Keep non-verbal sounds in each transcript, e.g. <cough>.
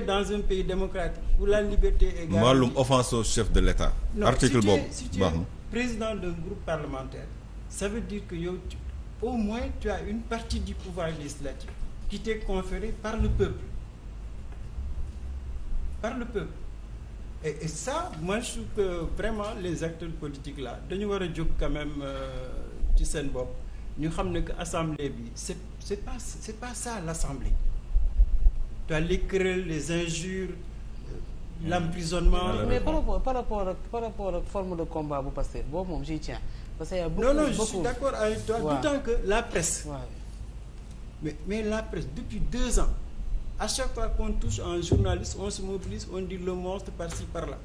êtes dans un pays démocratique où la liberté est garantie. wàllum offense au chef de l'État. article boobu si tu es président d'un groupe parlementaire ça veut dire que yow au moins tu as une partie du pouvoir législatif qui t'est conférée par le peuple par le peuple et, et ça moi je que vraiment les acteurs politiques là dañu war a jóg quand même euh, ci seen bopp ñu xam ne que assemblée bi c'est c'est pas c'est pas ça l'assemblée tu les querelles les injures euh, l'emprisonnement mais par rapport par rapport ak par ak forme de combat bu Pastef boobu moom j'y tiens parce que y a beaucoup non non je suis d'accord avec que la presse mais mais la presse depuis deux ans à chaque fois qu'on touche un journaliste on se mobilise on dit le monstre par-ci par-là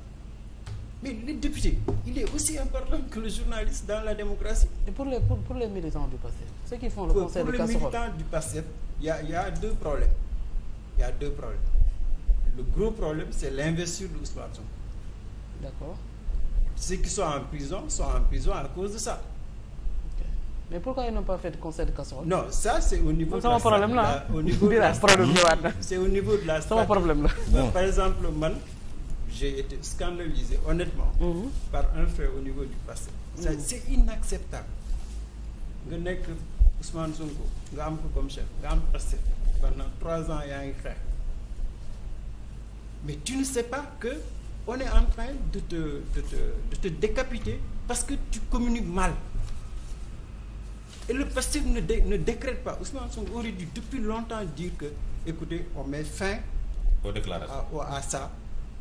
mais le député il est aussi important que le journaliste dans la démocratie. et pour les pour, pour les militants du PASTEF. ceux qui font le conseil de casserole pour du PASTEF il y a deux problèmes le gro problème c'est l'investiture de Ousmane Sonko d'accord ceux qui sont en prison sont en prison à cause de ça okay. mais pourquoi ils n'ont pas fait de conseil de casserole non ça c'est au niveau sama problème <laughs> la au niveau de la c'est au niveau de la sama problème la par exemple man j'ai été scandalisé honnêtement mm par un fait au niveau du passé mhm. c'est inacceptable nga nekk Ousmane Sonko nga am ko comme chef nga am Pastef pendant trois ans yaa ngi xeex mais tu ne sais pas que on est en train de te décapiter parce que tu communiques mal et le Pastef ne dé, ne décrète pas Ousmane Sonko aurait dû depuis longtemps dire que écoutez on met fin aux déclarations à, à ça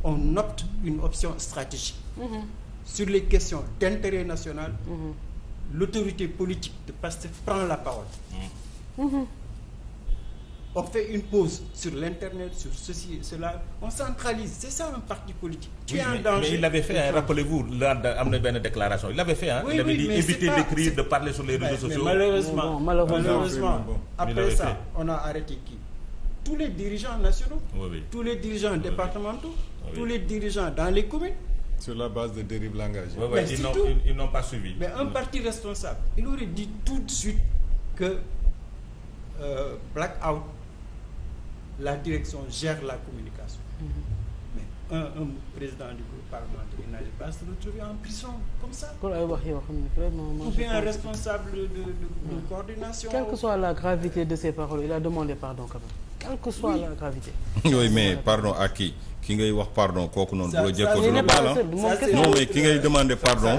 on opte une option stratégique mm -hmm. sur les questions d'intérêt national mm-hmm. l'autorité politique de Pastef prend la parole. Mmh. On fait une pause sur l'internet, sur ceci, cela. On centralise. C'est ça un parti politique. Tu en mais, danger. Mais il l'avait fait, hein, rappelez-vous, il a une déclaration. Il l'avait fait, hein, il avait dit éviter d'écrire, de parler sur les réseaux mais, sociaux. Mais malheureusement, malheureusement, après ça, on a arrêté qui Tous les dirigeants nationaux, tous les dirigeants départementaux, tous les dirigeants dans les communes. Sur la base de dérives langagières. Ouais, ouais, ils n'ont ils n'ont pas suivi. Mais un parti responsable, il aurait dit tout de suite que euh, Blackout, la direction gère la communication. Mm -hmm. Un, un président du groupe parlementaire n'allait pas se retrouver en prison comme ça. Ou bien un responsable de, de, coordination. Quelle que soit la gravité de ses paroles, il a demandé pardon quand même. que soit la gravité. Oui, mais pardon à ki ngay wax pardon kooku noonu. bu la jëkkoo du la baal ah. non mais ki ngay demander pardon.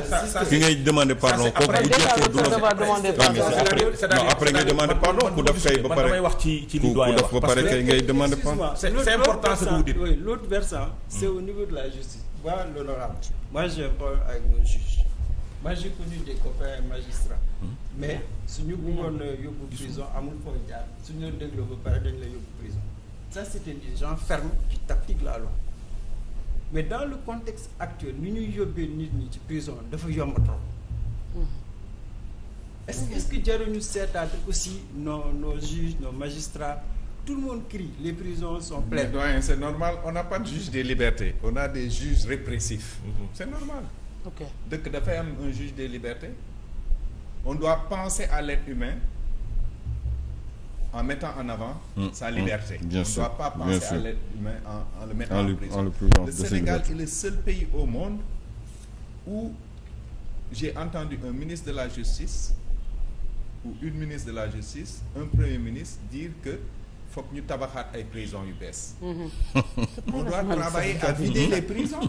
ki ngay demander pardon kooku bu jëkkoo du la. non après ngay demander pardon ku def kay ba pare ku def ba pare kay ngay demander pardon. c'est important ce que vous dites. oui l'autre versant c'est au niveau de la justice. voilà l'honorable moi j'ai un problème avec mon juge. moi j'ai connu des copains magistrats. Hmm? mais suñu bëggoon yóbbu prison amul fooy jaar suñu la dégloo ba pare dañ la yóbbu prison. ça c'était des gens fermes qui t'appliquent la loi mais dans le contexte actuel ni ñuy yóbbee nit ñi ci prison dafa yomb trop hmm. est-ce est-ce que jaruñu seetaat aussi nos nos juges nos magistrats tout le monde crie les prisons sont pleines. doyen c'est normal on n'a pas de juge des libertés on a des juges répressifs mhm. c'est normal ok dëkk dafay am un juge des libertés on doit penser à l'être humain en mettant en avant mmh, sa mm. liberté. on ne doit pas penser le mettant en, en, prison. en le, le Sénégal est le seul pays au monde où j'ai entendu un ministre de la Justice ou une ministre de la Justice, un premier ministre dire que foog ñu tabaxaat ay prison yu bees. Mhm. <laughs> on doit travailler à vider les prisons.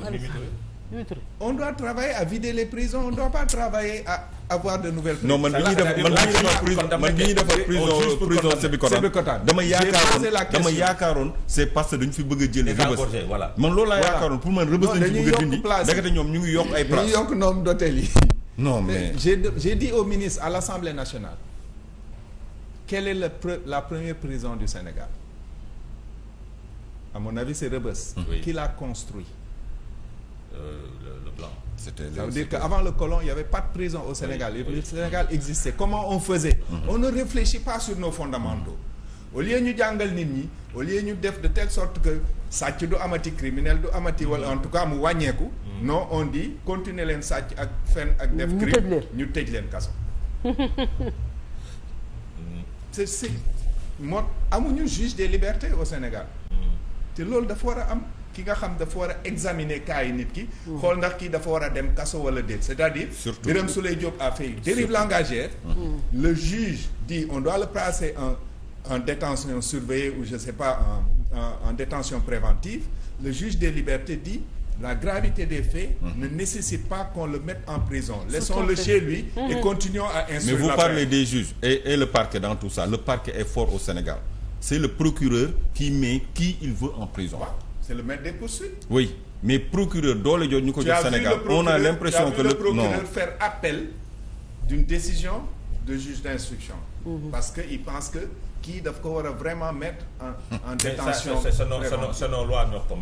on doit travailler à vider les prisons, on doit pas travailler avoir de nouvelles prises. non man bi ñuy def man bi ñuy dama yaakaaroon dama yaakaaroon c'est parce que dañu fi bëgg a jël rëbës voilà man loolu laa yaakaaroon pour man rëbës lañu a dindi ndekete ñoom ñu ngi yokk ay place yi non mais j'ai j'ai au ministre à l'Assemblée nationale quelle est la la première prison du Sénégal à mon avis c'est Rebeuss qui l'a construit euh, le C'était ça veut dire qu'avant le colon, il n'y avait pas de prison au Sénégal. Oui, oui. Le Sénégal existait. Comment on faisait mm-hmm. On ne réfléchit pas sur nos fondamentaux. au lieu ñu jàngal nit ñi au lieu ñu def de telle sorte que sàcc du amati criminel du amati wala mm-hmm. en tout cas mu wàññeeku. Mm-hmm. non on di continuer leen sàcc ak fen ak. def crime ñu tëj leen kaso. c'est c'est moo amuñu juge des libertés au Sénégal. te loolu dafa war a am. ki nga xam dafa war a examiner cas nit ki. Hmm. xool ndax kii dafa war a dem kaso wala déet c'est-à-dire. surtout Birame Souleye Diop a fait dérive langagière. Hmm. Hmm. le juge dit on doit le placer en en détention surveillée ou je sais pas en en, en détention préventive le juge des libertés dit. la gravité des faits mmh. ne nécessite pas qu'on le mette en prison. Laissons-le chez lui mmh. et continuons à instruire. Mais vous parlez des juges et, le parquet dans tout ça. Le parquet est fort au Sénégal. C'est le procureur qui met qui il veut en prison. c'est le maître des poursuites. oui mais procureur doole jooju ñu ko jox Sénégal on a l'impression que le procureur faire appel d'une décision de juge d'instruction mhm. parce que il pense que kii daf ko war a vraiment mettre en en détention mais ça c'est nos lois ñoo ko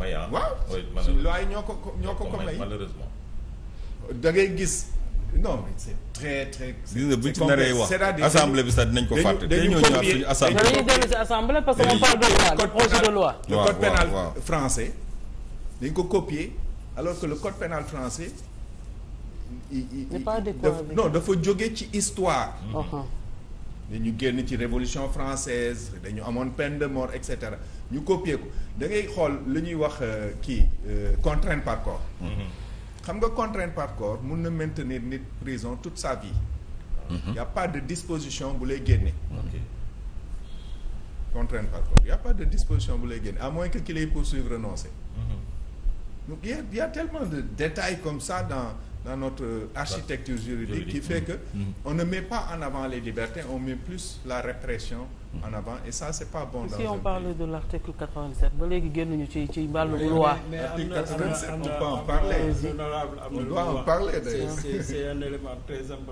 loi yi ñoo ko ñoo ko ko non c'est très très. gis nga bu ñu ci naree wax assemblée bi sax dinañ ko fàtte. dañu dañu copier dañu dellu si assemblée parce qu'on parle de loi projet de loi. le code pénal français dañ ko copier alors que le code pénal français. non dafa jóge ci histoire. Uh-huh. dañu génn ci révolution française dañu amoon peine de mort et cetera ñu copier ko da xool lu ñuy wax euh, kii euh, contrainte par corps. Mm-hmm. xam nga contrainte par corps mun na maintenir nit prison toute sa vie. Mhm. y' a pas de disposition bu lay génne. contrainte par corps y' a pas de disposition bu lay génne à moins que ki lay poursuivre renoncer. Mhm. donc y' a y' de détails comme ça dans dans notre architecture juridique. qui fait que. Mhm. on ne met pas en avant les libertés on met plus la répression. en avant et ça c'est pas bon. Dans si on parle de l'article ba léegi génnuñu ci ci wàllu loi. mais article 87 on peut en parler. on doit en parler d'ailleurs. c'est c'est un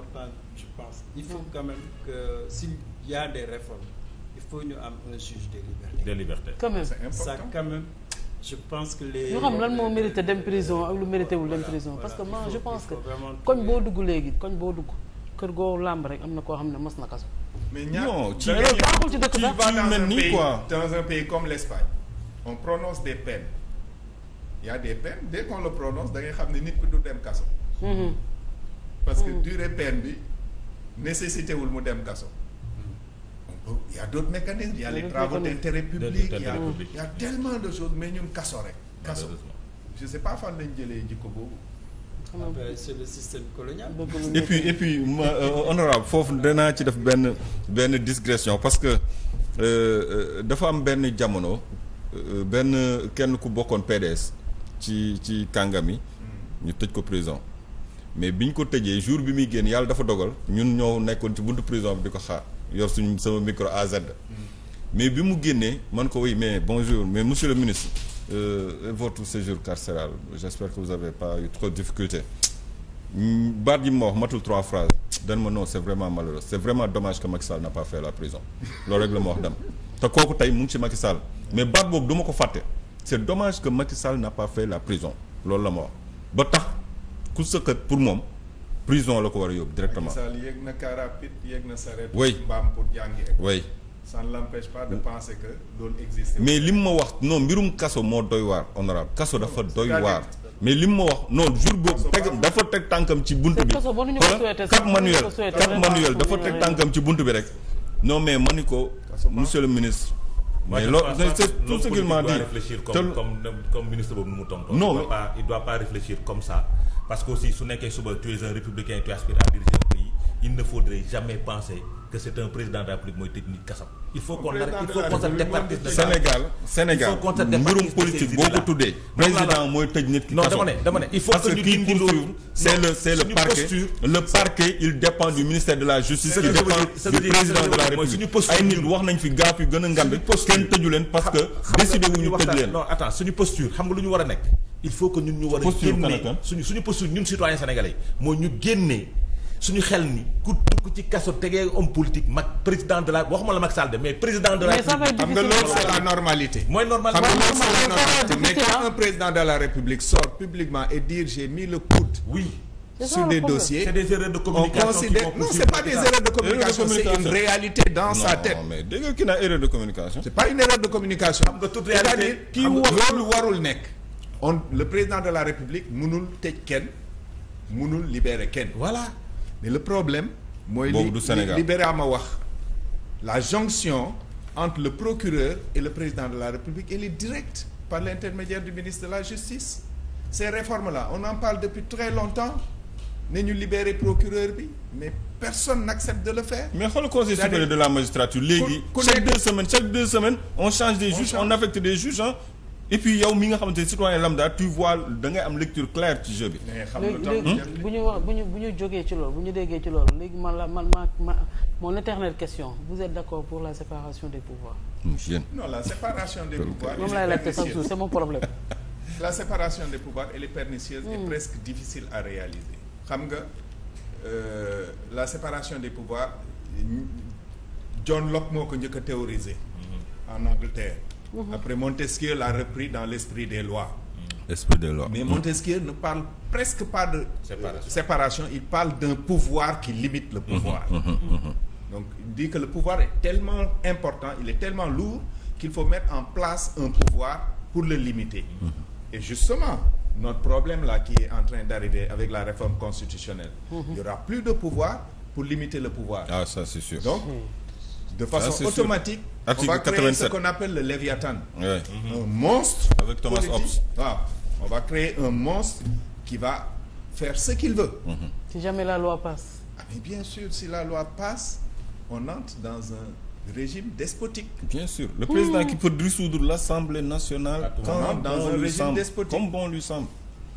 pense. il faut quand même que s'il y il faut ñu am un juge des libertés. des libertés quand même c'est important xam lan moo mérité dem prison ak lu mérité wul dem prison. parce que moi je pense que koñ boo dugg léegi koñ boo dugg. kër goo làmb rek am na koo xam ne mos na kaso. mais ñaar non ci baaxul ci dëkk sax tu mel ni quoi un pays comme l'Espagne on prononce des peines il y a des peines dès prononce da ngay xam ne nit ki du dem kaso. Mm-hmm. parce que mm-hmm. durée peine bi nécessité wul mu dem kaso. donc il y a d'autres mécanismes. il y a les travaux d'intérêt tellement de choses mais ñun kaso rek. kaso je sais pas fan lañ jëlee jikko boobu. c'est le système colonial. et puis et puis ma euh, honorable foofu danaa ci def benn benn digression parce que euh, euh, dafa am benn jamono benn kenn ku bokkoon PDS ci ci kàngam yi mm-hmm. ñu tëj ko prison mais bi ñu ko tëjee jour bi muy génn yàlla dafa dogal ñun ñëw nekkoon ci buntu prison bi di ko xaar yor suñ sama micro AZ mm-hmm. mais bi mu génnee man ko oui mais bonjour mais monsieur le ministre euh, votre séjour carcéral j'espère que vous avez pas eu trop de mm, baat yi ma wax matul trois phrases dañ ma non c'est vraiment malheureux c'est vraiment dommage que Macky Sall n'a pas fait la prison loolu rek ma wax dem te kooku tey mu ngi ci Macky Sall mais baat boobu du ma ko fàtte c'est dommage que Macky Sall n'a pas fait la prison loolu la ma wax ba tax ku sëkkat pour moom prison la ko war a yóbbu directement. Macky Sall yéeg na car rapide yéeg na sareet. oui mbaam pour jàngi. oui. ça ne l'empêche pas que loolu existe mais li ma wax non mbirum kaso moo doy waar honorable kaso dafa doy waar mais li ma wax no jour boobu teg dafa teg tànkam ci bunt bi Cap Manuel Cap Manuel dafa teg tànkam ci bunt bi rek non mais ma ni monsieur ministre mais loolu c'est tout ce qu'il m'a dit mu tontu non il doit pas réfléchir comme ça parce que aussi su nekkee suba a es un républicain tu aspires à diriger il ne faudrait jamais penser que c'est un président de République mooy tëj nit kasam. il faut qu'on il faut qu'on se départisse Sénégal Sénégal mbirum politique boo tuddee. président mooy tëj nit ki kasam non que ñu dindi c'est le c'est le parquet il dépend du ministère de la justice. qui dépend du président de la République ay nit wax nañ fi gaaf yu gën a ngand kenn tëju leen parce que décidé wu ñu tëj leen non ñu war suñu xel ni ku tukk ci kaso tegee homme politique mag président de la waxuma la Macky Sall mais président de la. mais ça va xam nga loolu c'est la normalité. mooy normal xam nga loolu c'est la normalité mais quand un président de la république sort publiquement et dire j'ai mis le oui. sur des dossiers c'est des erreurs de communication c'est une réalité dans sa tête non mais ki naan erreur de communication c'est pas une erreur de communication xam nga toute réalité kii loolu warul président de la république mënul tëj kenn mënul libérer kenn voilà mais le problème mooy li libéra ma wax la jonction entre le procureur et le président de la République elle est directe par l'intermédiaire du ministre de la Justice ces réformes-là on en parle depuis très longtemps nañu libérer procureur bi mais personne n'accepte de le faire mais xool conseil supérieur de la magistrature léegi chaque deux semaines chaque deux semaines on change des juges on affecte des juges et yow mi nga xamante ne citoyen lambda tu vois da ngay am lecture claire ci jeu bi. léegi hmm? bu ñu wax bu ñu bu ñu jógee ci loolu bu ñu déggee ci lool léegi man la man ma ma mon éternelle question vous êtes d' accord pour la séparation des pouvoirs. monsieur. non la séparation des pouvoirs. moom laay laajte chaque jour c' est mon problème. la séparation des pouvoirs elle est pernicieuse. et hmm. presque difficile à réaliser. xam nga euh, la séparation des pouvoirs John Locke moo ko njëkk a théoriser. Hmm. en Angleterre. Mhm. Après, Montesquieu l'a repris dans l'esprit des lois. Mm. L'esprit des lois. Mais mm. Montesquieu ne parle presque pas de séparation. Euh, séparation. Il parle d'un pouvoir qui limite le mhm. pouvoir. Mhm. Mm. Donc, il dit que le pouvoir est tellement important, il est tellement lourd, qu'il faut mettre en place un pouvoir pour le limiter. Et justement, notre problème là qui est en train d'arriver avec la réforme constitutionnelle, il n'y aura plus de pouvoir pour limiter le pouvoir. Ah, ça c'est sûr. Donc, de façon ah, automatique on va créer ce qu'on appelle le Léviathan un mm-hmm. monstre avec Thomas Hobbes on va créer un monstre qui va faire ce qu'il veut mm-hmm. si jamais la loi passe ah mais bien sûr si la loi passe on entre dans un régime despotique. Bien sûr, le président mmh. qui peut dissoudre l'Assemblée nationale ah, quand dans un régime despotique comme bon lui semble.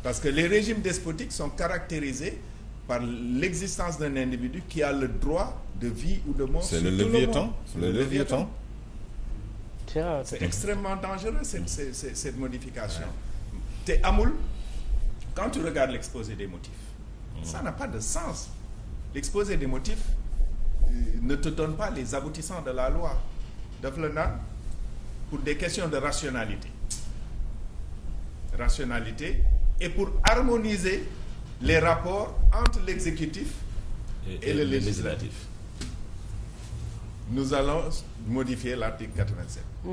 Parce que les régimes despotiques sont caractérisés par l'existence d'un individu qui a le droit de vie ou de mort. C'est le leviathan. Le le leviathan. C'est extrêmement dangereux cette, cette, cette modification. Ouais. Te amul, quand tu regardes l'exposé des motifs, mmh. ça n'a pas de sens. L'exposé des motifs euh, ne te donne pas les aboutissants de la loi. Daf la pour des questions de rationalité. Rationalité et pour harmoniser les rapports entre l'exécutif et, et, et, le législatif. législatif. Nous allons modifier l'article 87. Mmh.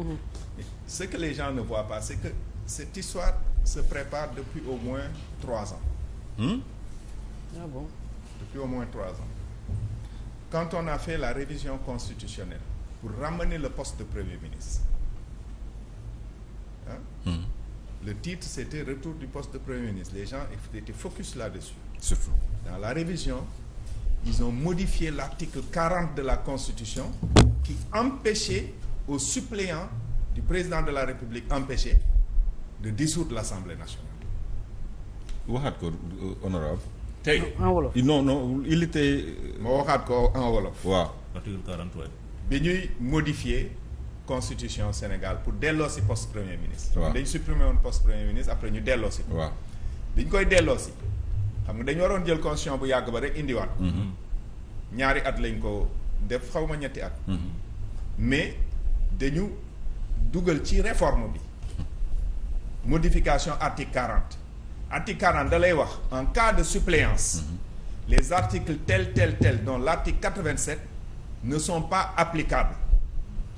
Ce que les gens ne voient pas, c'est que cette histoire se prépare depuis au moins trois ans. Hmm? Ah bon? Depuis au moins trois ans. Quand on a fait la révision constitutionnelle pour ramener le poste de Premier ministre, hein? Hmm. Le titre, c'était Retour du poste de Premier ministre. Les gens étaient focus là-dessus. Surtout. Dans la révision, ils ont modifié l'article 40 de la Constitution qui empêchait aux suppléants du président de la République empêchés de dissoudre l'Assemblée nationale. waxaat ko euh, honorable tey non non il était. Euh, ma waxaat ko en wolof. waaw. article 43. constitution Sénégal pour delloo si poste premier ministre. waaw dañ supprimer woon poste premier ministre après ñu delloo si. bi ñu koy delloo si xam nga dañu waroon jël constitution bu yàgg ba rek indiwaat. Mm-hmm. ñaari at lañ ko def xaw ma ñetti at. Mm-hmm. mais dañu dugal ci réforme bi modification article quarante. article quarante da lay wax en cas de suppléance. Mm-hmm. les articles tel tel tel dont l' article quatre vingt sept ne sont pas applicables.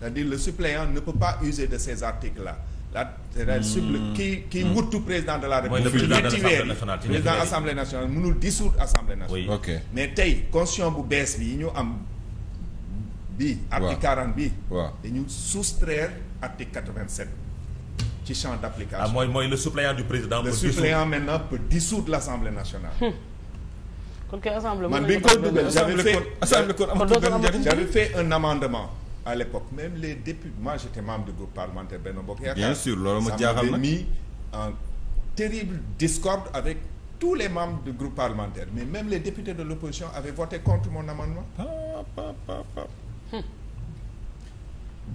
cest le suppléant ne peut pas user de ces articles-là la c'est-à-dire supplé kii kii wutu président de la république ci ñetti weer yi président assemblée nationale mënul dissoudre assemblée nationale mais tey constitution bu bees bi yi ñu am bi article 40 bi dañu soustraire article 87 ci champ d'application ah mooy mooy le suppléant du président le suppléant maintenant peut dissoudre l'assemblée nationale hmm. kon kay assemblée man bi ñu koy dugal j'avais fait j'avais fait un amendement à l'époque même les députés moi j'étais membre du groupe parlementaire Benno Bokk Yaakaar bien sûr loolu ma jaaxal na mis en terrible discorde avec tous les membres du groupe parlementaire mais même les députés de l'opposition avaient voté contre mon amendement hmm.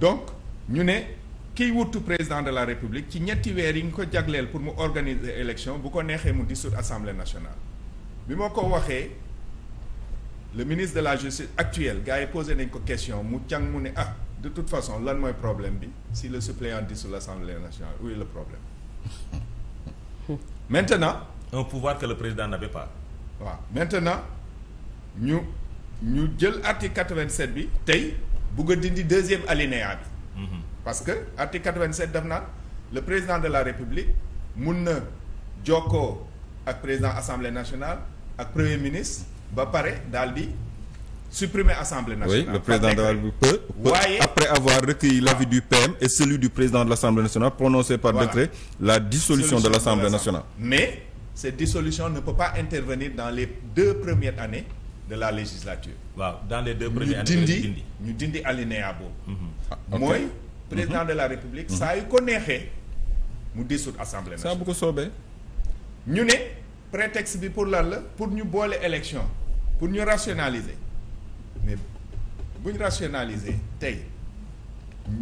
donc ñu ne kiy wutu président de la république ci ñetti weer yi nga ko jagleel pour mu organiser élection bu ko neexee mu dissoudre assemblée nationale bi ma ko waxee le ministre de la justice actuelle gars yi posé nañ ko question mu càng mu ne ah de toute façon lan mooy problème bi si le suppléant dit sur l'Assemblée nationale où est le problème <laughs> maintenant un pouvoir que le président na pas waaw maintenant ñu ñu jël article 87 bi tey bugg a dindi deuxième alinéa bi mhm. parce que article 87 daf naan le président de la république mun na jokkoo ak président assemblée nationale ak premier ministre ba pare daal bi supprimer assemblée nationale. oui le président de la République peut. waaye après avoir recueilli l'avis du PM et celui du président de l'assemblée nationale prononcé par voilà. décret la dissolution Solution de l'assemblée nationale. mais cette dissolution ne peut pas intervenir dans les deux premières années de la législature. waaw dans les deux premières années ñu dindi ñu dindi alinéa boobu. Mm-hmm. Ah, mooy mm-hmm. président de la République. Mm-hmm. saa yu ko neexee mu dissoudre assemblée nationale. saa bu ko soobee. ne prétexte bi pour la la pour ñu boole élection. pour ñu rationaliser mais bu ñu rationaliser tey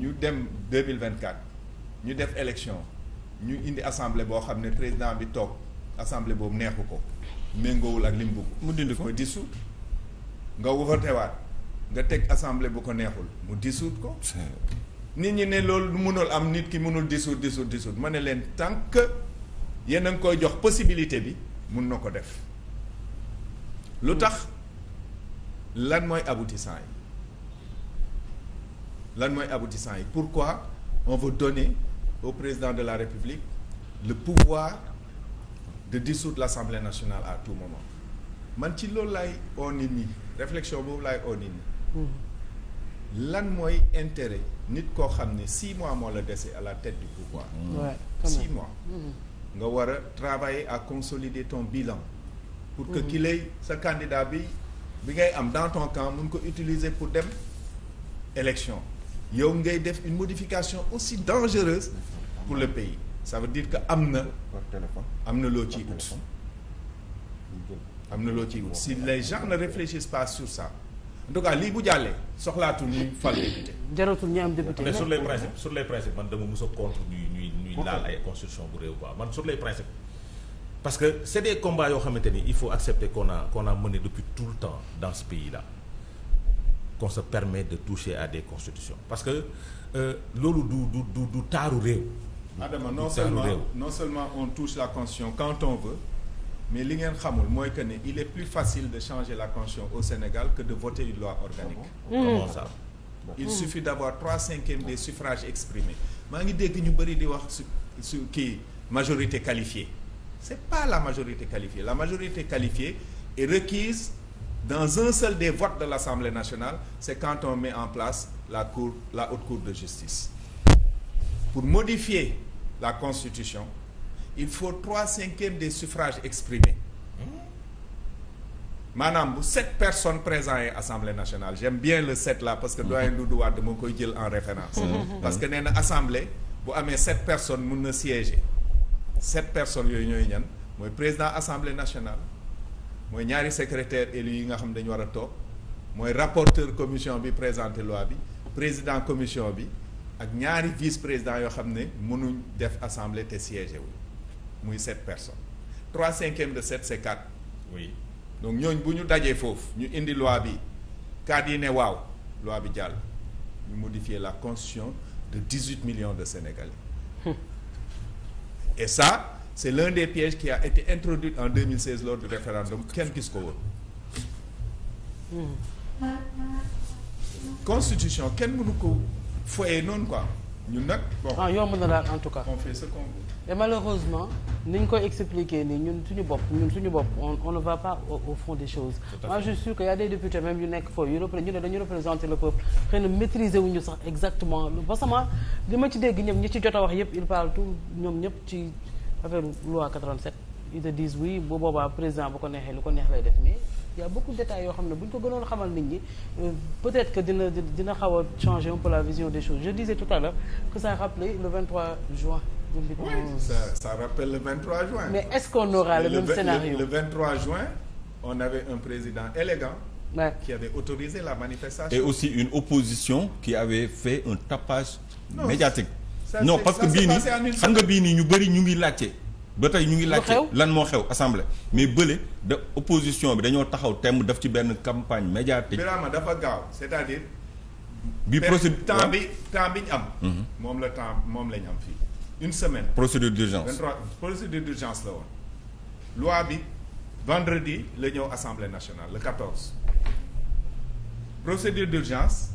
ñu dem deux mille vingt quatre ñu def élection ñu indi assemblée boo xam ne président bi toog assemblée boobu neexu ko méngoowul ak li mu bëgg. mu dindi ko dissout nga wootewaat nga teg assemblée bu ko neexul mu dissout ko. nit ñi ne loolu mënul am nit ki mënul dissout dissout dissout ma ne leen tant que yéen a ngi koy jox possibilité bi mun na ko def. lu tax lan mooy aboutissant yi lan mooy aboutissant yi pourquoi on veut donner au président de la République le pouvoir de dissoudre l'Assemblée nationale à tout moment man ci loolu laay oo nit ñi réflexion boobu lay oo nit mm-hmm. lan mooy intérêt nit koo xam ne six mois moo la dese à la tête du pouvoir mm-hmm. six mois mm-hmm. nga war a travailler à consolider ton bilan pour que ki lay sa candidat bi bi ngay am dans ton camp mun ko utiliser pour dem élection yow ngay def une modification aussi dangereuse pour le pays ça veut dire que am na am na loo ciy ut am na loo ciy ut si les gens ne réfléchissent pas sur ça en lii bu jàllee soxlaatul ñuy fal député. jaratul ñu am député. mais sur les principes sur les principes man dama mos a contre ñuy ñuy ñuy laal ay constitution bu réew quoi man sur les principes. parce que c'est des combats yoo xamante ni il faut accepter qu'on a qu'on a mené depuis tout le temps dans ce pays-là qu'on se permet de toucher à des constitution parce que euh, loolu du du du du taaru réew. Adama non seulement non seulement on touche la constitution quand on veut mais li ngeen xamul mooy que ni il est plus facile de changer la constitution au Sénégal que de voter une loi organique. Ah comment ça. Mmh. il suffit d'avoir trois cinquièmes des suffrages exprimés maa ngi dégg ñu bëri di wax su su kii majorité qualifiée. c'est pas la majorité qualifiée la majorité qualifiée est requise dans un seul des votes de l'Assemblée nationale c'est quand on met en place la cour la haute cour de justice pour modifier la constitution il faut trois cinquièmes des suffrages exprimés maanaam bu sept personnes présentes yi assemblée nationale j'aime bien le sept là parce que doyen Doudou Wade moo koy jël en référence mm-hmm. parce que nee na assemblée bu amee sept personnes mun na siéger sept personnes yooyu ñooy ñan mooy président assemblée nationale mooy ñaari secrétaire élu yi nga xam dañu war a toog mooy rapporteur commission bi présenté loi bi président commission bi ak ñaari vice président yoo xam ne mënuñ def assemblée te siégé wu muy sept personnes trois cinquièmes de sept c'est quatre donc ñooñ bu ñu dajee foofu ñu indi loi bi cadre yi ne waaw loi bi jàll ñu modifier la constitution de dix-huit million de Sénégalais Et ça, c'est l'un des pièges qui a été introduit en 2016 lors du référendum kenn gis ko woon constitution kenn mënu ko foyee noonu quoi ñun nag bon ah yomb na daal en tout cas on fait ce et malheureusement ni ñu koy expliquer nii ñun suñu bopp ñun suñu bopp on on ne va pas au, au fond des choses. moi je suis sûr que y a des députés même yu nekk foofu yu repre ñu ne dañu représenter le peuple xëy na maîtriser wuñu sax exactement parce que ma li ma ci dégg ñoom ñi ci jot a wax yëpp ils parlent tout ñoom ñëpp ci affaire loi 87. ils te disent oui bu boobaa président bu ko neexee lu ko neex lay def mais y a beaucoup de détails yoo xam ne bu ñu ko gënoon xamal nit ñi euh, peut-être que dina dina xaw a changer un peu la vision des choses je disais tout à l'heure que oui ça ça rappelle le 23 juin. mais est-ce le, le même on avait un président élégant. Ouais. qui avait la manifestation. et aussi une opposition qui avait fait un tapage. Non, médiatique non parce que bii nii xam nga bii nii ñu bëri ñu ngi laajte. ba tey ñu ngi laajte lan moo xew assemblée. mais bële da opposition bi dañoo taxaw temm daf ci benn campagne médiatique. Birama dafa gaaw c'est-à-dire. bi procédure temps bi temps bi ñu am. Mhm. moom la temps moom la ñu am fii. une semaine. procédure d'urgence 23 procédure d'urgence la woon. loi bi vendredi la ñëw assemblée nationale le 14. procédure d'urgence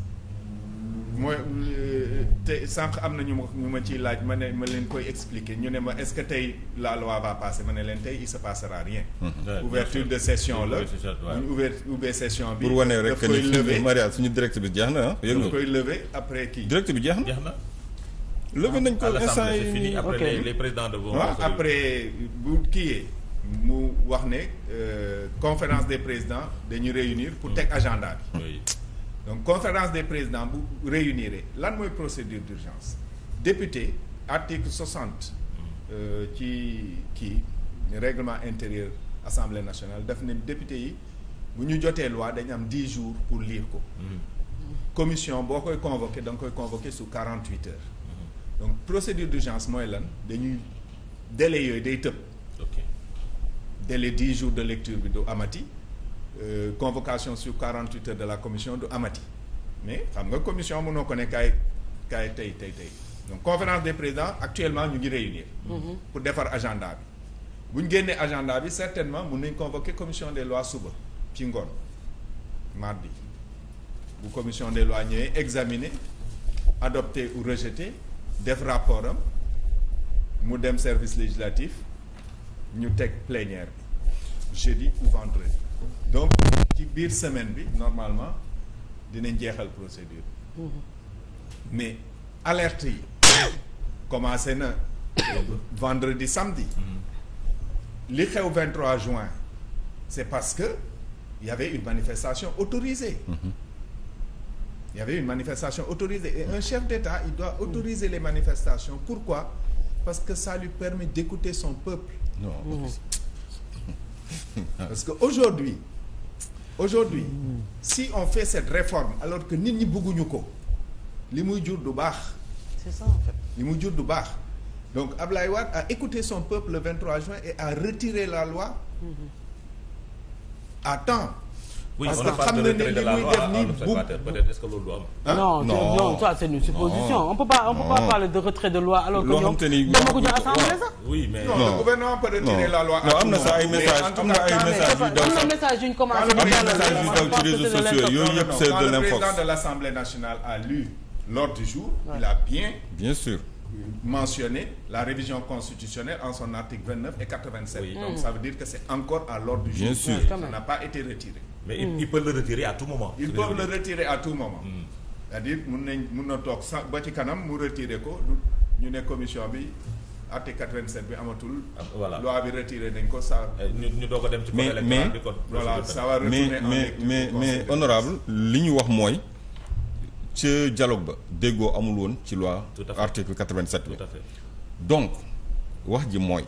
mooy euh, te sànq am na ñu ma ñu ma ciy laaj ma ne ma leen koy expliquer ñu ne ma est-ce que tey la loi va passer ma ne leen tey il se passera rien. ouverture de session la. ouverture ubbee session bi. pour wane rek que ni suñu direct bi jeex na ah. yëngu koy leve après kii. direct bi jeex na. levé nañ ko instant yi fini après okay. les, les de vos ah, ouais, après bu kiiyee mu wax ne euh, conférence des président dañu réunir pour teg mm. agenda bi donc conférence des président bu réunir lan mooy procédure d'urgence député article 60 mm. euh, ci kii règlement intérieur assemblée nationale daf ne député yi bu ñu jotee loi dañu am 10 jours pour lire ko mm. commission boo koy convoqué da nga koy convoqué sous 48 heures donc procédure d'urgence mooy lan dañuy délai yooyu day tëb délai dix jours de lecture bi du amati euh, convocation sur quarante huit de la commission du amati mais xam nga commission mënoo ko ne kaay kaay tey tey tey donc conférence des président actuellement ñu ngi réunir mm -hmm. pour defar agenda bi bu ñu génnee agenda bi certainement mun nañ convoquer commission des lois suba ci ngoon mardi bu commission des lois ñëwee examiner adopter ou rejeter def rapport am mu dem service législatif ñu teg plénière bi jeudi ou vendredi donc ci biir semaine bi normalement dinañ jeexal procédure mm-hmm. mais alerte yi commencé na vendredi samedi mm-hmm. li xew 23 juin c'est parce que il y avait une manifestation autorisée mm-hmm. il y avait une manifestation autorisée et un chef d'État il doit autoriser les manifestations pourquoi parce que ça lui permet d'écouter son peuple non <laughs> parce que aujourd'hui aujourd'hui si on fait cette réforme alors que nit ñi bëgguñu ko li muy jur du baax c'est li muy jur du baax donc Ablaye wat a écouté son peuple le 23 juin et a retirer la loi mm-hmm. à temps oui non non c'est une supposition on peut pas on peut pas de retrait de loi alors que ñoom demaguñu assemblée sax. oui mais non le gouvernement peut retirer la loi. am na sax message yu message yu daw réseaux sociaux yooyu de l'infox. de l'Assemblée nationale a lu l'ordre du jour. il a bien. bien sûr. mentionné la révision constitutionnelle en son article 29 et 87. Mm. donc ça veut dire que c'est encore à l'ordre du jour. n'a pas été retiré. mais il, hmm. il peut le retirer à tout moment. ils peuvent hmm. mun nañ mun na toog sax ba ci kanam mu retirer ko ñu ne commission bi. article 87 bi amatul. Ah, voilà loi bi retiré dañ ko ça. Euh, ñu ñu doog a dem ci code électoral bi code. voilà ça va retourner mais mais mais mais honorable li ñu wax mooy ca dialogue ba déggoo amul woon ci loi. article 87 bi. donc wax ji mooy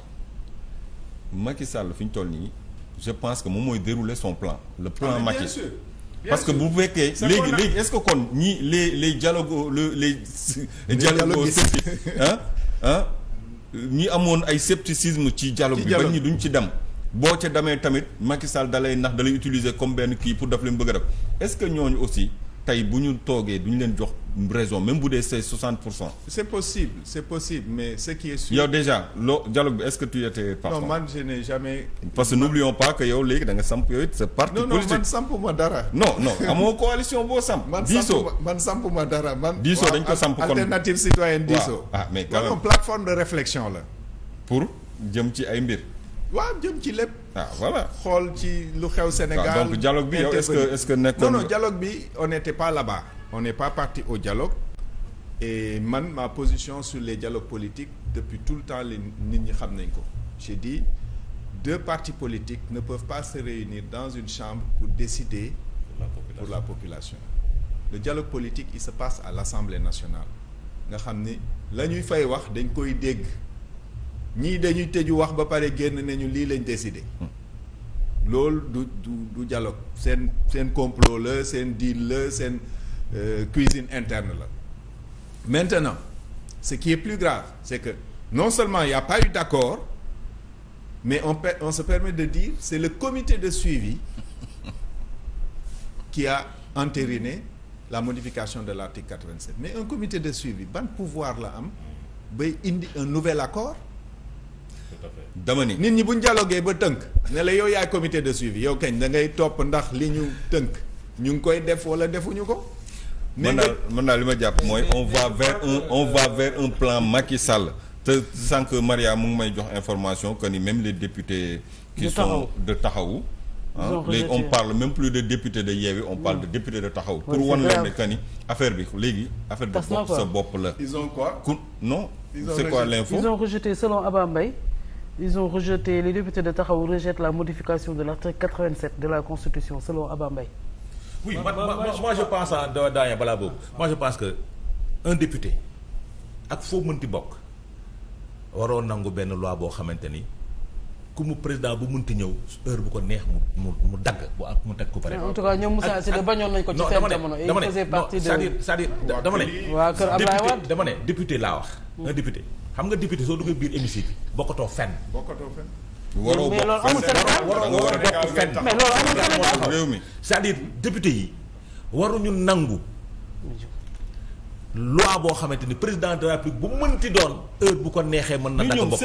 Macky Sall fi ñu toll nii. je pense que moom mooy dérouler son plan le plan ah, Macky parce que bu fekkee léegi léegi est ko kon ñi les les dialogues les les dialogues ah ah <laughs> ñi amoon ay scepticisme ci dialogue bi ba ñi duñ ci dem boo ca demee tamit Macky Sall da lay nax da lay utiliser comme benn kii pour daf leen bëgg a def est-ce que ñooñu aussi tey bu ñu toogee du ñu leen jox raison même bu dee c'est 60 pour cent. c'est possible c'est possible mais ce qui est sûr. yow déjà loo dialogue bi est-ce que tu étais partant. non man je n'ai jamais. parce que n'oublions pas yow léegi da nga samp yooyu sa parti politique non non man sampuma dara. non non amoo coalition boo samp. man diisoo man sampuma dara man. diisoo dañ ko samp kon alternative citoyenne diisoo. ah mais quand même plateforme de réflexion la. pour jëm ci ay mbir. waaw jëm ci lépp. ah voilà xool ci lu xew Sénégal ah, donc dialogue bi yow est-ce que est-ce dialogue bi on n'était pas là-bas on n'est pas parti au dialogue et man ma position sur les dialogues politiques depuis tout le temps les nit ñi xam nañ ko j'ai dit deux partis politiques ne peuvent pas se réunir dans une chambre pour décider la pour la population le dialogue politique il se passe à l'Assemblée nationale nga xam ni la ñuy fay wax dañ koy dégg ñii dañuy tëju wax ba pare génn nañu lii lañ décidé loolu du du du dialogue seen seen complot la seen deal la seen euh, cuisine interne la maintenant ce qui est plus grave c'est que non seulement il n'y a pas eu d'accord mais on on se permet de dire c'est le comité de suivi <laughs> qui a entériné la modification de l'article 87 mais un comité de suivi ban pouvoir la am bay indi un nouvel accord dama ni nit ñi bu ñu ba tënk ne la yow yaay comité de suivi yow kañ da ngay topp ndax li ñu tënk ñu ngi koy def wala defuñu ko. mën daal mën daal li ma jàpp mooy on va vers un on va vers un plan Macky Sall te sànq Maria mu ngi may jox information que ni même les députés. qui sont de Taxawu. léegi on parle même plus de député de Yewwi on parle de député de Taxawu. pour wan leen ne que ni affaire bi léegi affaire de bopp sa bopp la. ils ont quoi non. c'est quoi l'info ils ont ils ont rejeté les députés de Taxawu rejettent la modification de l'article 87 de la constitution selon Abba Mbaye. oui moi, moi, moi, moi je pense à Daaña balaa boobu moi je pense que un député ak foo mënti bokk waroo nangu benn loi boo xamante ni ku mu président bu mënti ñëw heure bu ko neex mu mu mu dagg bu ak mu teg ko pare. en tout cas ñoom Moussa Seydi bañoon nañu ko ci seen jamono. et dama ne. waa kër Ablaye Wade député dama ne député laa wax. un hmm. député. xam nga député soo duggee biir hémicycle bokkatoo fenn. bokkatoo fenn. waroo bokk fenn waroo bokk fenn mais loolu amul Sénégal c'est-à-dire député yi waruñu nangu. loi boo xamante ni président de la République bu mënti doon heure bu ko neexee mën na dagg bopp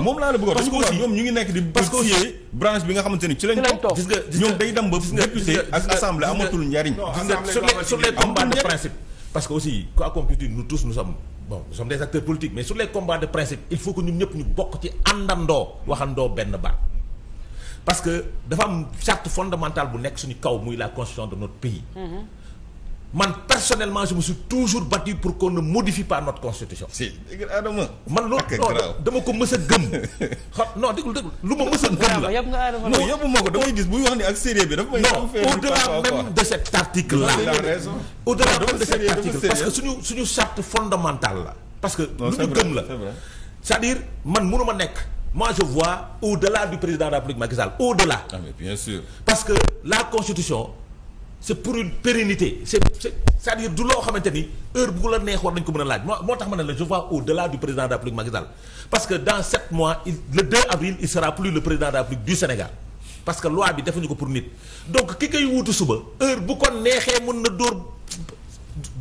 moom laa la bëggoon parce que aussi ñoom ñu ngi nekk di parce que aussi branche bi nga xamante ni ci lañ toog gis nga ñoom day dem ba député amatul njariñ gis nga sur les combats de principe parce que aussi quoi qu'on tous nous sommes bon nous sommes des acteurs politiques mais sur les combats de principe il faut que ñun ñëpp parce que dafa am charte fondamentale bu nekk suñu kaw muy la constitution de notre pays. Mm-hmm. man personnellement je me suis toujours battu pour qu'on ne modifie pas notre constitution. man loolu dama ko mës gëm. xam non déglu lu ma mës a gëm la. yóbbu nga Adama non yóbbu ma ko damay gis buy wax ni ak série bi dafa may. non de cet article là. parce que suñu suñu charte fondamentale la. parce que lu ñu gëm la cest man mënu ma nekk. moi je vois au-delà du président de la République Macky Sall de la ah parce que la constitution c'est pour une pérennité c'est c'est cest du loo xamante ni heure bu la neex war nañu ko mën a laaj moo moo tax ma ne la je vois au la du président de la République Macky Sall parce que dans sept mois il le 2 avril il sera plus le président de la République du Sénégal. parce que loi bi defuñu ko pour nit donc ki koy wuutu suba heure bu ko neexee mën na dóor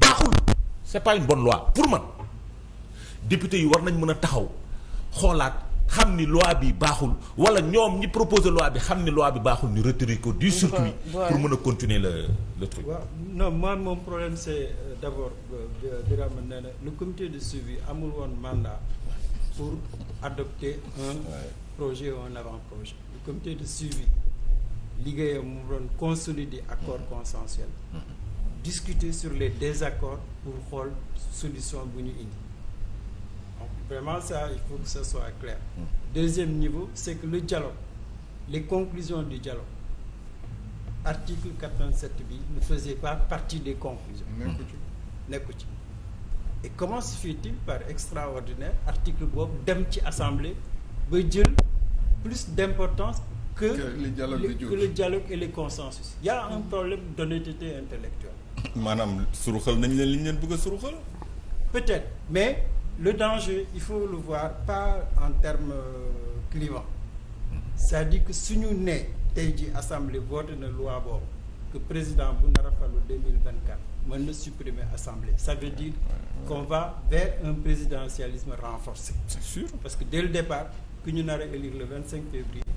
baaxul c'est pas une bonne pour man yi war nañ mën a taxaw xoolaat. xam ni loi bi baaxul wala ñoom ñi proposé loi bi xam ni loi bi baaxul ni retirer ko du circuit pour mën a continuer le le truc waaw non moi mon problème c'est euh, d'abord euh, Birame nee na le comité de suivi amul woon mandat pour adopter un projet ou un avant-projet le comité de suivi liggéeyam mu doon consolider accord consensuel mm-hmm. discuter sur les désaccords pour xool solution bu ñu indi Vraiment, ça, il faut que ce soit clair. Deuxième niveau, c'est que le dialogue, les conclusions du dialogue, article 87 bi ne faisait pas partie des conclusions. Mmh. nekku ci nekku ci et comment se fait-il par extraordinaire article boobu dem ci assemblée ba jël plus d'importance que, que le dialogue le, que le dialogue et les consensus. Il y a un problème d'honnêteté intellectuelle. maanaam suruxal nañ leen li ñu leen bëgg a peut-être mais. le danger il faut le voir pas en termes euh, clivants c'est-à-dire que suñu ne tey ji assemblée voté na loi boobu que président bu nar a falu 2024 mën na supprimer assemblée ça veut dire qu'on va vers un présidentialisme renforcé c'est sûr parce que dès le départ ku ñu nar a élire le 25 février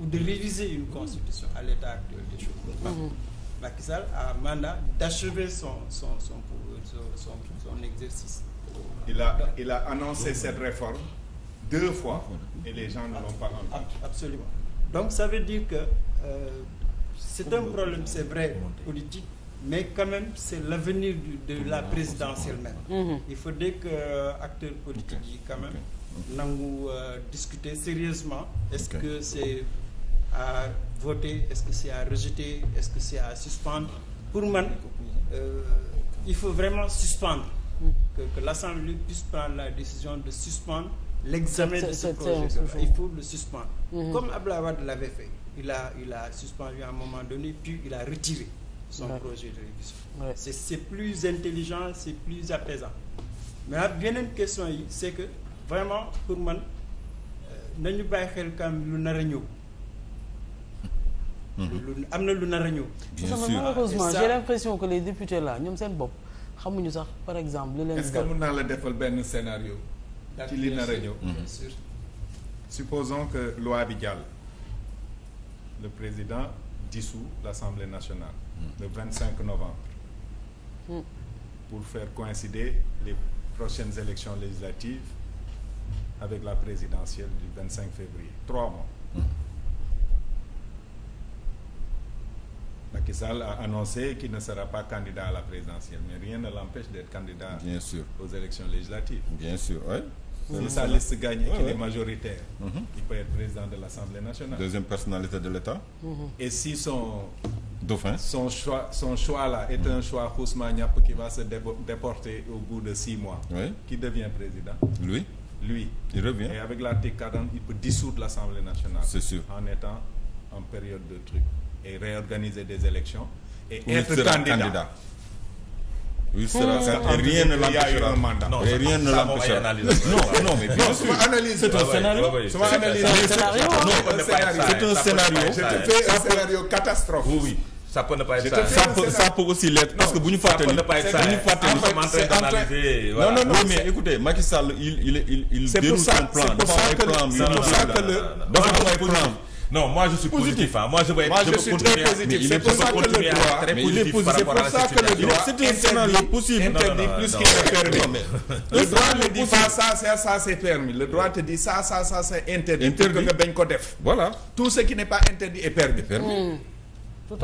ou de réviser une constitution à l'état actuel des choses. Mhm. Macky Sall a mandat d'achever son son son, son, son, son, exercice. Il a, Donc, il a annoncé cette réforme deux fois et les gens ne l'ont pas entendu. Absolument. Donc ça veut dire que euh, c'est un problème, c'est vrai, politique, mais quand même c'est l'avenir de la présidence elle-même. Mhm. Il faudrait que euh, acteurs politiques, quand même, nous euh, discuter sérieusement. Est-ce que c'est à voter est-ce que c'est à rejeter est-ce que c'est à suspendre pour man euh, il faut vraiment suspendre que, que l'Assemblée puisse prendre la décision de suspendre l'examen de ce projet il faut le suspendre mm -hmm. comme de Wade l'avait fait il a il a suspendu à un moment donné puis il a retiré son ouais. projet de révision ouais. c'est c'est plus intelligent c'est plus apaisant mais nag yeneen question yi c'est que vraiment pour man euh, nañu bàyyi xel kam lu nar a ñëw Mm-hmm. lu am na lu nar a ñëw. bien sûr malheureusement j'ai l'impression que les députés là ñoom seen bopp xamuñu sax par exemple. li leen est-ce que mën naa la defal benn scénario. ci li nar a ñëw. Mm-hmm. bien sûr supposons que loi bi jàll. le président dissout l'Assemblée nationale. Mm. le 25 novembre. Mm. pour faire coïncider les prochaines élections législatives avec la présidentielle du 25 février trois mois. Mm. Macky Sall a annoncé qu'il ne sera pas candidat à la présidentielle mais rien ne l'empêche d'être candidat bien sûr aux élections législatives bien sûr oui si sa liste gagne et qu'il est mhm. il peut être président de l'Assemblée nationale deuxième personnalité de l'État mhm. et si son dauphin son choix son choix là est mm -hmm. un choix Ousmane Niapp qui va se déporter au bout de six mois oui. qui devient président lui lui il revient et avec l'article 40 il peut dissoudre l'Assemblée de et réorganiser des élections et Où être candidat. candidat. Oui, sera, ça, et rien ne l'empêchera. Non, et rien ne l'empêchera. Non, non, mais bien sûr. C'est un scénario. C'est un scénario. C'est un scénario. Je te fais un scénario catastrophe. Oui, oui. Ça peut ne pas être ça. Ça peut, ça peut aussi l'être. Parce que vous ne faites pas. pas être ça. Vous ne faites pas. En fait, d'analyser. Voilà. Non, non, non. Oui, mais écoutez, Macky Sall, il, il, il, il déroule son plan. C'est pour ça que le. C'est pour ça que le. Dans son plan. non moi je suis positif ah moi je vais. moi je, positif c'est pour ça le droit très positif par le droit ne dit pas ça ça ça c'est permis le droit dit ça ça ça interdit. interdit nga bañ ko def. voilà tout ce qui n'est pas interdit est permis. Hmm. tout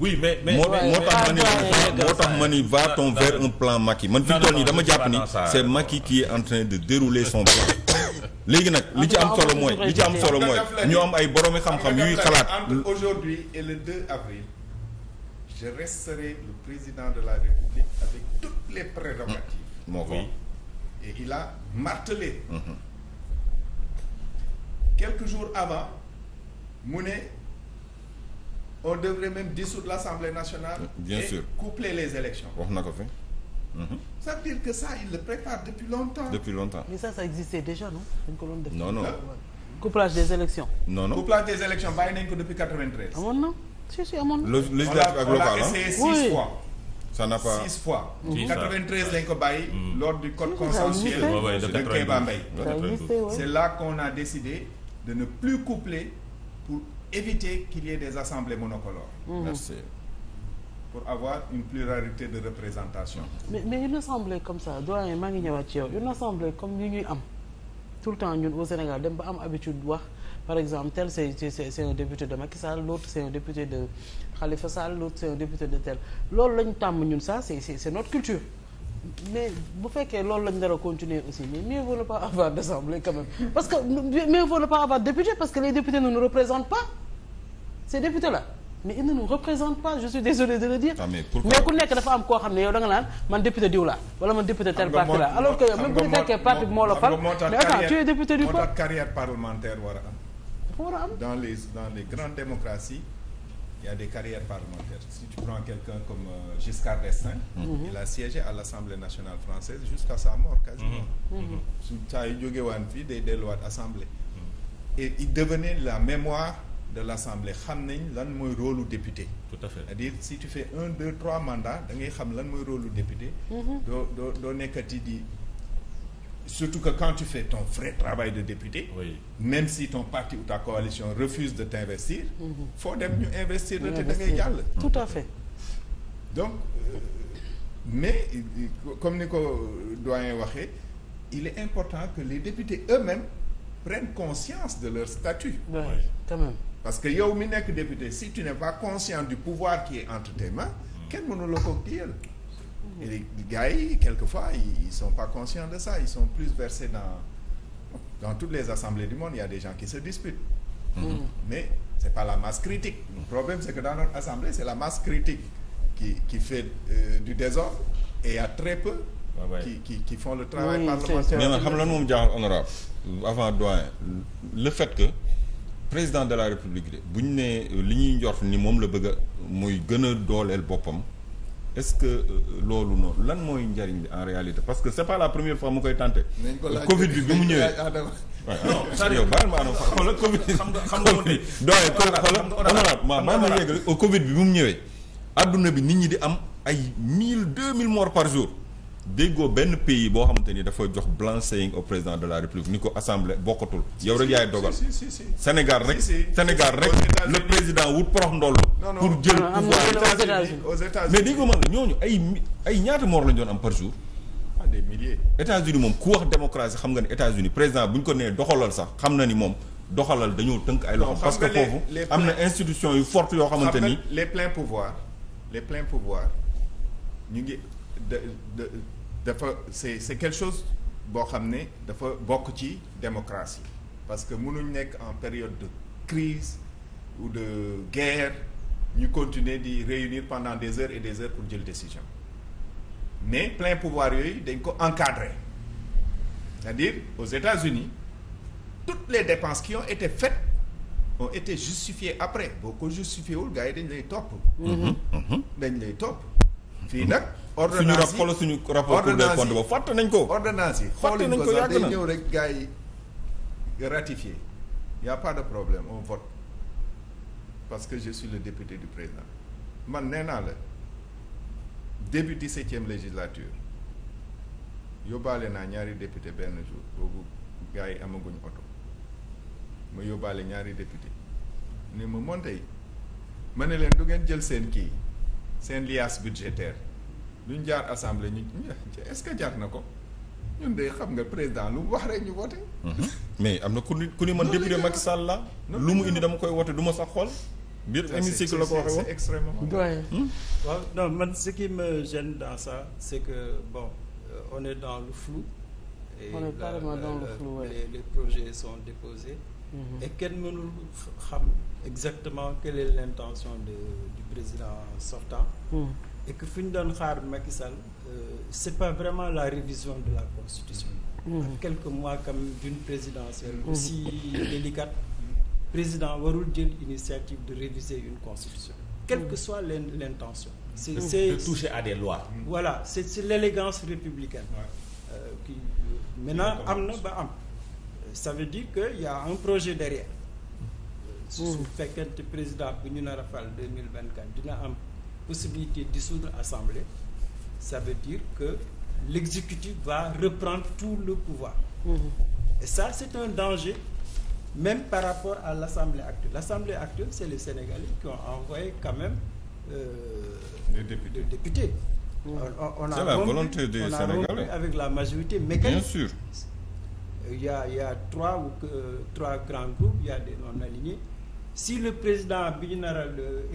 oui mais mais moo tax moo tax ma ni va-t-on vers un plan yi man fi toll nii dama jàpp ni c'est Macky qui est en de dérouler son plan léegi nag li ci am solo mooy li ci am solo mooy ñu am ay boroomi xam-xam yuy xalaat. entre aujourd'hui et le 2 avril je le président de la République avec toutes les prérogatives. Mmh. moo ko et il a mmh. quelques jours avant mu ne. on devrait même dissoudre l'Assemblée nationale. bien sûr et coupler les élections. wax na ko fi. Mhm. ça veut dire que ça il le prépare depuis longtemps. depuis longtemps mais ça ça existait non. non non. couplage des non non couplage des élections bàyyi nañ ko depuis 93. amoon si si amoon na. législative ak locale ah six fois. ça n'a pas a décidé de ne plus coupler pour. éviter qu'il y des assemblées monocolores. Mmh. Merci. pour avoir une pluralité de représentation. mais mais une assemblée comme ça doyen maa ngi ñëwaat ci yow une assemblée comme ni ñuy am tout le temps ñun au Sénégal dem ba am habitude wax par exemple tel c'est c'est c'est un député de Macky Sall l'autre c'est un député de Khalifa Sall l'autre c'est un député de tel loolu lañu tàmm ñun ça c'est c'est c'est notre culture. mais bu fekkee loolu lañ nar a continuer aussi mais mieux vaut ne pas avoir d'assemblée quand même parce que mieux vaut ne pas avoir député parce que les députés ne nous représentent pas ces députés là mais ils ne nous représentent je suis désolé de le dire. Ah, mais ku nekk dafa am koo xam ne yow da nga naan man député la wala man député tel parti la alors que même bu ñu fekkee parti moo la fal mais attends tu es député du peuple. moo tax carrière parlementaire war a am. war a am dans les dans les grandes il y a des carrières parlementaires. Si tu prends quelqu'un comme euh, Giscard d'Estaing, mm -hmm. il a siégé à l'Assemblée nationale française jusqu'à sa mort quasiment. su saa yu jóge waan fii day delluwaat assemblée. Mhm. et il devenait la mémoire de l'assemblée xam nañ lan mooy rôle député. tout à fait c'est-à-dire si tu fais un deux trois mandats da ngay xam lan mooy rôle député. Mhm. doo doo doo nekkati di. Surtout que quand tu fais ton vrai travail de député oui. même si ton parti ou ta coalition refuse de t'investir mhm. foo dem ñu investir la te da ngay jàll tout à fait donc euh, mais euh, comme ni ko doyen waxee il est important que les députés eux-mêmes prennent conscience de leur statut oui, oui. parce que yow mi nekk député si tu n'es pas conscient du pouvoir qui est entre tes mains mhm. kenn mënu la ko kiyal Et les gars, quelquefois, ils ne sont pas conscients de ça. Ils sont plus versés dans. Dans toutes les assemblées du monde, il y a des gens qui se disputent. Mm -hmm. Mais ce n'est pas la masse critique. Le problème, c'est que dans notre assemblée, c'est la masse critique qui, qui fait euh, du désordre et y a très peu ah ouais. qui, qui, qui, font le travail oui, parlementaire. Mais xam lan moom jaar honorable avant doyen le fait que président de la république de bu ñu nee euh, li ñuy njort ni moom la bëgg muy gën a dooleel boppam. est-ce que euh, loolu noonu lan mooy njariñ bi en réalité parce que c'est pas la première fois mu koy tenté. Covid bi bi mu ñëwee. yow baal ma àndoon xoolal Covid. Covid bi bi mu ñëwee. adduna bi nit ñi di am ay mille deux mille morts par jour. déggoo benn pays boo xamante ni dafa jox blanc-seing au président de la république ni ko assemblée bokkatul. yow rek yaay dogal Sénégal rek. Sénégal rek le président wut porox ndollu pour jël pouvoir mais déggoo man la ñooñu ay ay ñaata mort lañ doon am par jour. Ah, des milliers. États-Unis moom ku wax démocratie xam nga ne États-Unis président bu ko nee doxalal sax xam na ni moom. doxalal dañoo tënk ay loxo parce que foofu am na institution yu forte yoo xamante ni les pleins pouvoirs les pleins pouvoirs ñu ngi dafa c'est c'est quelque chose boo xam ne dafa bokk ci démocratie parce que mënuñ nekk en période de crise ou de guerre ñu continuer di réunir pendant des heures et des heures pour jël décision mais plein pouvoir yooyu dañ ko encadrer c'est-à-dire aux États-Unis toutes les dépenses qui ont été faites ont été justifiées après boo ko justifié wul gars yi dañ lay topp mm-hmm. Mm-hmm. dañ lay topp fii mm-hmm. nag suñu rap xoolal suñu rapport Cour des comptes ba fàtte nañ ko. ordonnance yi fàtte nañ ko yàgg na day ñëw rek gars yi ratifié y' a pas de problème on vote parce que je le député du président man nee naa la début dix-septième législature yóbbaale naa ñaari député benn jour boobu gars yi amaguñ oto ma yóbbaale ñaari député ni ma monte ma ne leen du ngeen jël seen kii seen liasse budgétaire lu duñ jaar assemblée ñu est-ce que jaar na ko ñun de xam nga président lu wax rek ñu voté. Mhm. mais am na ku ni ku ni man député Macky Sall la lu mu indi dama koy voté du ma sax xool. biir hémicycle la ko waxee woon c'est extrêmement hmm? waaw non man ce qui gêne dans ça c'est que bon euh, on est dans le flou. et les, les projets sont déposés. Mm -hmm. et kenn mënul xam exactement quelle est l'intention du président sortant. Mm. et que fi ñu doon xaar Macky Sall euh, c'est pas vraiment la révision de la constitution. Mmh. quelques mois quand même d'une présidentielle mmh. aussi délicate président warul jël initiative de réviser une constitution quelle que soit l'intention c'est mmh. c'est toucher à des lois mmh. voilà c'est c'est l'élégance républicaine ouais. euh, qui euh, maintenant am na ba am ça veut dire que y a un projet derrière euh, su fekkente président bu ñu nar a fal 2024 dina am possibilité de dissoudre l'Assemblée, ça veut dire que l'exécutif va reprendre tout le pouvoir. Mmh. Et ça, c'est un danger, même par rapport à l'Assemblée actuelle. L'Assemblée actuelle, c'est les Sénégalais qui ont envoyé quand même euh, des députés. Mhm. c'est la rompu, volonté des on a Avec la majorité mécanique. Bien sûr. Il y a, il y a trois, ou, euh, trois grands groupes, il y a des non-alignés. Si le président Bilinara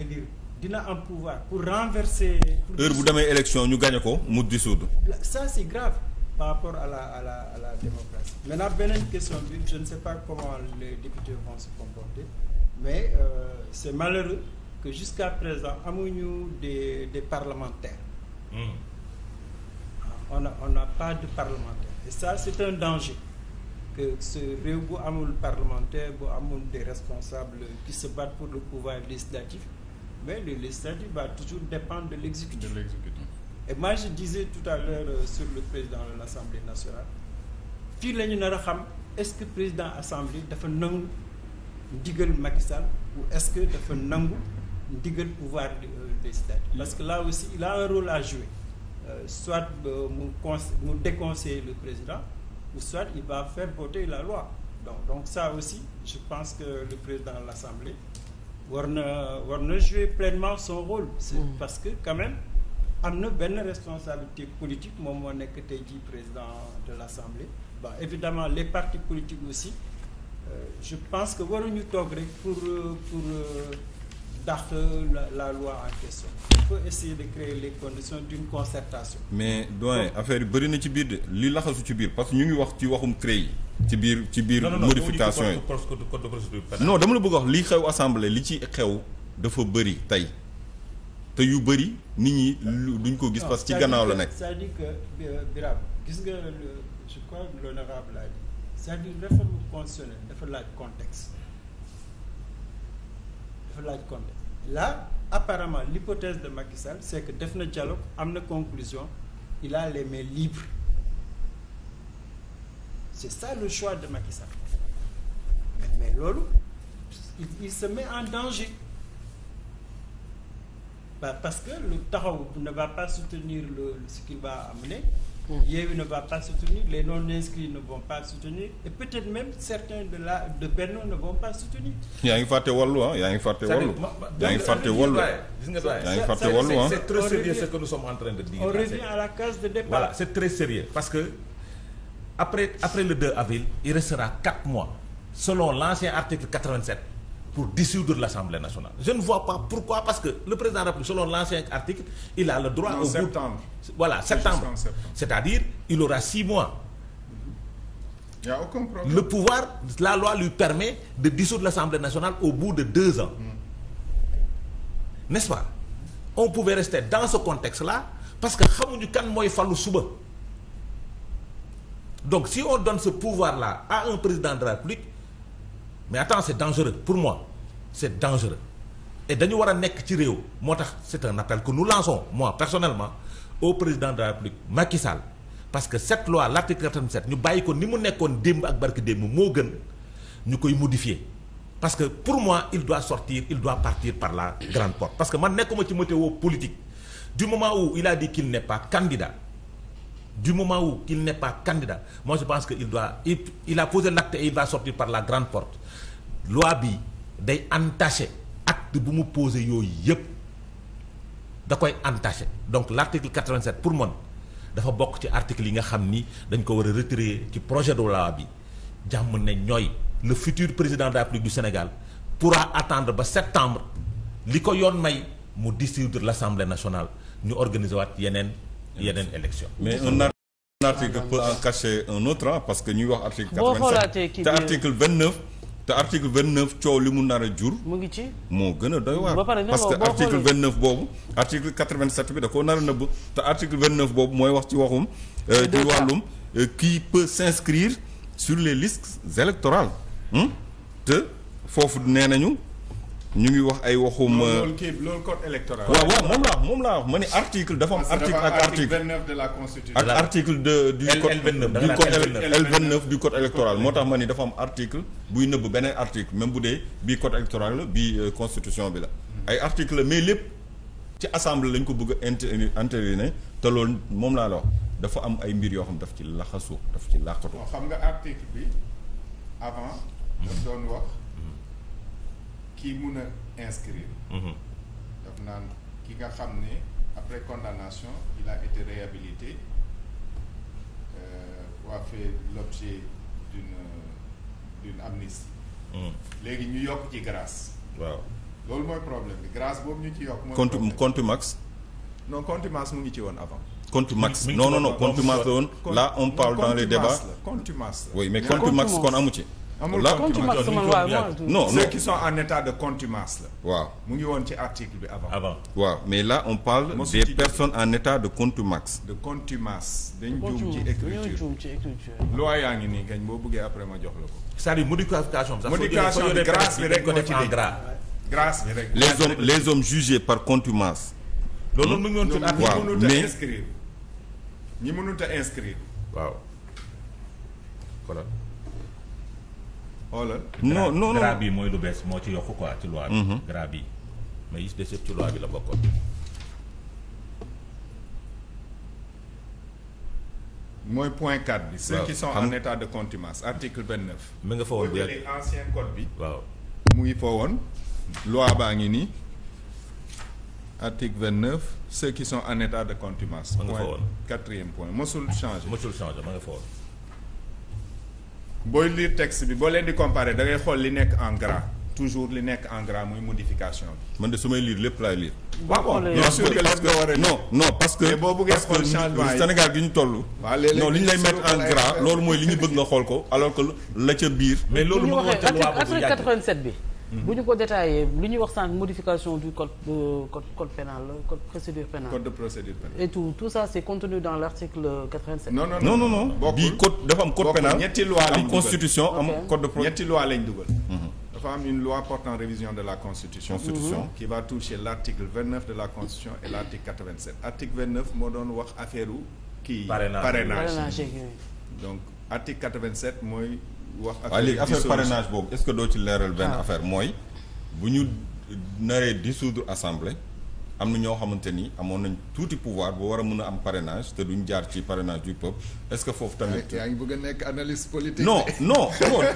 élire dina am pouvoir pour renverser. pour heure bu demee élection ñu gagné ko mu dissoudre. ça c'est grave par rapport à la à la à la démocratie. maintenant beneen question bi je ne sais pas comment les députés vont se comporter mais euh, c'est malheureux que jusqu'à présent amuñu des des parlementaires. Mm. on on n'a pas de parlementaires et ça c'est un danger. que ce réew bu amul parlementaire bu amul des responsables qui se battent pour le pouvoir législatif. mais le législatif va toujours dépendre de l'exécutif. De l'exécutif. Et moi je disais tout à l'heure euh, sur le président de l'Assemblée nationale fii la ñu nar a xam est-ce que président assemblée dafa nangu digal Macky Sall ou est-ce que dafa nangu ndigal pouvoir législatif euh, parce que là aussi il a un rôle à jouer euh, soit euh, mu conse mu déconseiller le président ou soit il va faire voter la loi donc donc ça aussi je pense que le président de l'Assemblée war na war na jouer pleinement son rôle. Mm. parce que quand même am na benn responsabilité politique moom moo nekk te jii président de l'Assemblée. bon évidemment les partis politiques aussi euh, je pense que waruñu toog rek pour euh, pour. Euh, dàq la loi en question il faut essayer les conditions d'une concertation mais doyen affaire yi bëri na ci biir de li laxasu ci biir parce que ñu ngi wax ci waxum CREI yi ci biir ci biir modification yi non dama la bëgg wax li xew assemblée li ci xew dafa bëri tey te yu bëri nit ñi duñ ko gis parce ci gannaaw la nekk cest à euh, gis nga je crois l'honorable a dit laaj contexte dafa laaj compte là apparemment l'hypothèse de Macky Sall c'est que def na dialogue am na conclusion il la les mains libres c'est ça le choix de Macky mais loolu il, il se met en danger bah, parce que le Taxawu ne va pas soutenir le ce qu'il va amener Yewwi ne va pas soutenir les non-inscrits ne vont pas soutenir et peut-être même certains de la de Benno ne vont pas soutenir. yaa ngi fàtte wàllu ah yaa ngi fàtte wàllu. yaa ngi fàtte wàllu gis nga yaa ngi fàtte wàllu ah. c'est très sérieux ce que nous sommes en train de dire. on revient à la case de départ. voilà c'est très sérieux parce que après après le 2 avril il restera 4 mois selon l'ancien article 87. pour dissoudre l'Assemblée nationale je ne vois pas pourquoi parce que le président de la République selon l'ancien article il a le droit au bout, voilà septembre c'est-à-dire il aura six mois il y a aucun le pouvoir la loi lui permet de dissoudre l'Assemblée nationale au bout de deux ans mm. n'est-ce pas on pouvait rester dans ce contexte-là parce que xamuñu kan mooy falu suba donc si on donne ce pouvoir-là à un président de la République mais attends c'est dangereux pour moi c'est dangereux et dañu war a nekk ci réew moo tax c'est un appel que nous lançons moi personnellement au président de la République Macky Sall parce que cette loi l'article 87 ñu bàyyi ko ni mu nekkoon démb ak barki démb moo gën ñu koy modifier parce que pour moi il doit sortir il doit partir par la grande porte parce que man nekkuma ci météo politique du moment où il a dit qu'il n'est pas candidat du moment où il n'est pas candidat moi je pense que il doit il, a posé l'acte et il va sortir par la grande porte loi bi day entaché acte bu mu posé yooyu yépp da koy entaché donc l'article 87 pour man dafa bokk ci article yi nga xam ni dañ ko war a retirer ci projet de loi bi jàmm ne ñooy le future président de la du Sénégal pourra attendre ba septembre li ko yoon may mu dissoudre l'Assemblée nationale ñu organiser waat yeneen yeneen élection mais un article peut en cacher un autre ah parce que ñuy wax article 87 te article 29 te article 29 coow li mu nar a jur mu ngi ci moo gën a doy waar parce que article 29 boobu article 87 bi da koo nar a nëbb te article 29 boobu mooy wax ci waxum euh, ci wàllum euh, qui peut s'inscrire sur les listes électorales hmm? te foofu nee nañu ñu ngi wax ay waxum. Euh, kii loolu code électoral. waaw waaw moom laa moom laa wax ma ni article dafa am. article ak article 29 de la constitution. ak article de du. code du code L29 du code électoral moo tax ma ni dafa am article buy nëbb beneen article même bu dee bii code électoral bi bii euh, constitution bi la. ay article la mais lépp ci assemblée lañ ko bëgg a inter entériné te lool moom laa la wax dafa am ay mbir yoo xam daf ci laxasu daf ci làqatu. xam nga article bi avant. daf doon wax. kii mun a inscrire mhm. daf naan ki nga xam ni après condamnation il a été réhabilité euh, d'une d'une mhm. léegi ñu yokk ci grâce waaw loolu mooy problème bi grâce boobu ñu ci yokk conti contumax non contumace mu ngi ci woon avant contumax non non non contumace la woon là on parle dans les débats contumace oui mais contumace kon amu ci amul contumace non ceux qui sont en état de contumace la. waaw mu ngi woon ci article bi avant. avant waaw mais là on parle. des personnes en état de contumace. de contumace. dañ juum ci écriture loi yaa ngi nii gañ boo bëggee après ma jox la ko. c'est-à-dire modification modification de grâce bi rek moo bi rek. les hommes les hommes jugés par contumace. loolu mu ngi woon ci waaw mais ñi mënut a inscrire. waaw voilà. xoolal non non mooy lu bees moo ci yokk quoi ci loi bi. Mhm. grab bi mais yi ci loi bi la bokkoon. mooy point 4 bi. ceux qui sont en état de contumace article 29. mi nga fa woon bu yàgg code bi. waaw mu ngi fa woon. loi baa ngi nii article 29 ceux qui sont en état de contumace. ma nga fa woon quatrième point mosul changé. mosul changé ma nga fa woon. booy liir texte bi boo leen di comparer da ngay xool li nekk en gras toujours li nekk en gras muy modification bi. man de su may liir lépp laay lire. waaw bon bien sûr que lépp war a non parce que. boo bëggee xool changement yi Sénégal gi ñu toll. waaw léeg-léeg li ñu lay mettre en gras loolu mooy li ñu bëgg nga xool ko alors que la ca biir. mais loolu moo ca loi boobu yàgg bi. Mhm. bu ñu ko détaillé lu ñuy wax sànq modification du code euh, code code pénal code procédure pénale. code de procédure pénale. et tout tout ça c' est dans l' article 87. non non non non non non bii code dafa am code pénal ñetti loi am constitution am code de ñetti loi lañ dugal. Mhm. dafa am une loi portant révision de la constitution. constitution qui va toucher l' article 29 de la constitution et l' article 87. article 29 moo doon wax affaire kii. mooy. wax ak. waaw léegi affaire boobu est-ce que doo ci leeral benn ah. affaire mooy bu ñu naree dissoudre assemblée. am na ñoo xamante ni amoon nañ tuuti pouvoir bu war a mën a am parrainage te duñ jaar ci parrainage du peuple est-ce foofu tamit. yaa ngi bëgg a nekk analyste politique. non non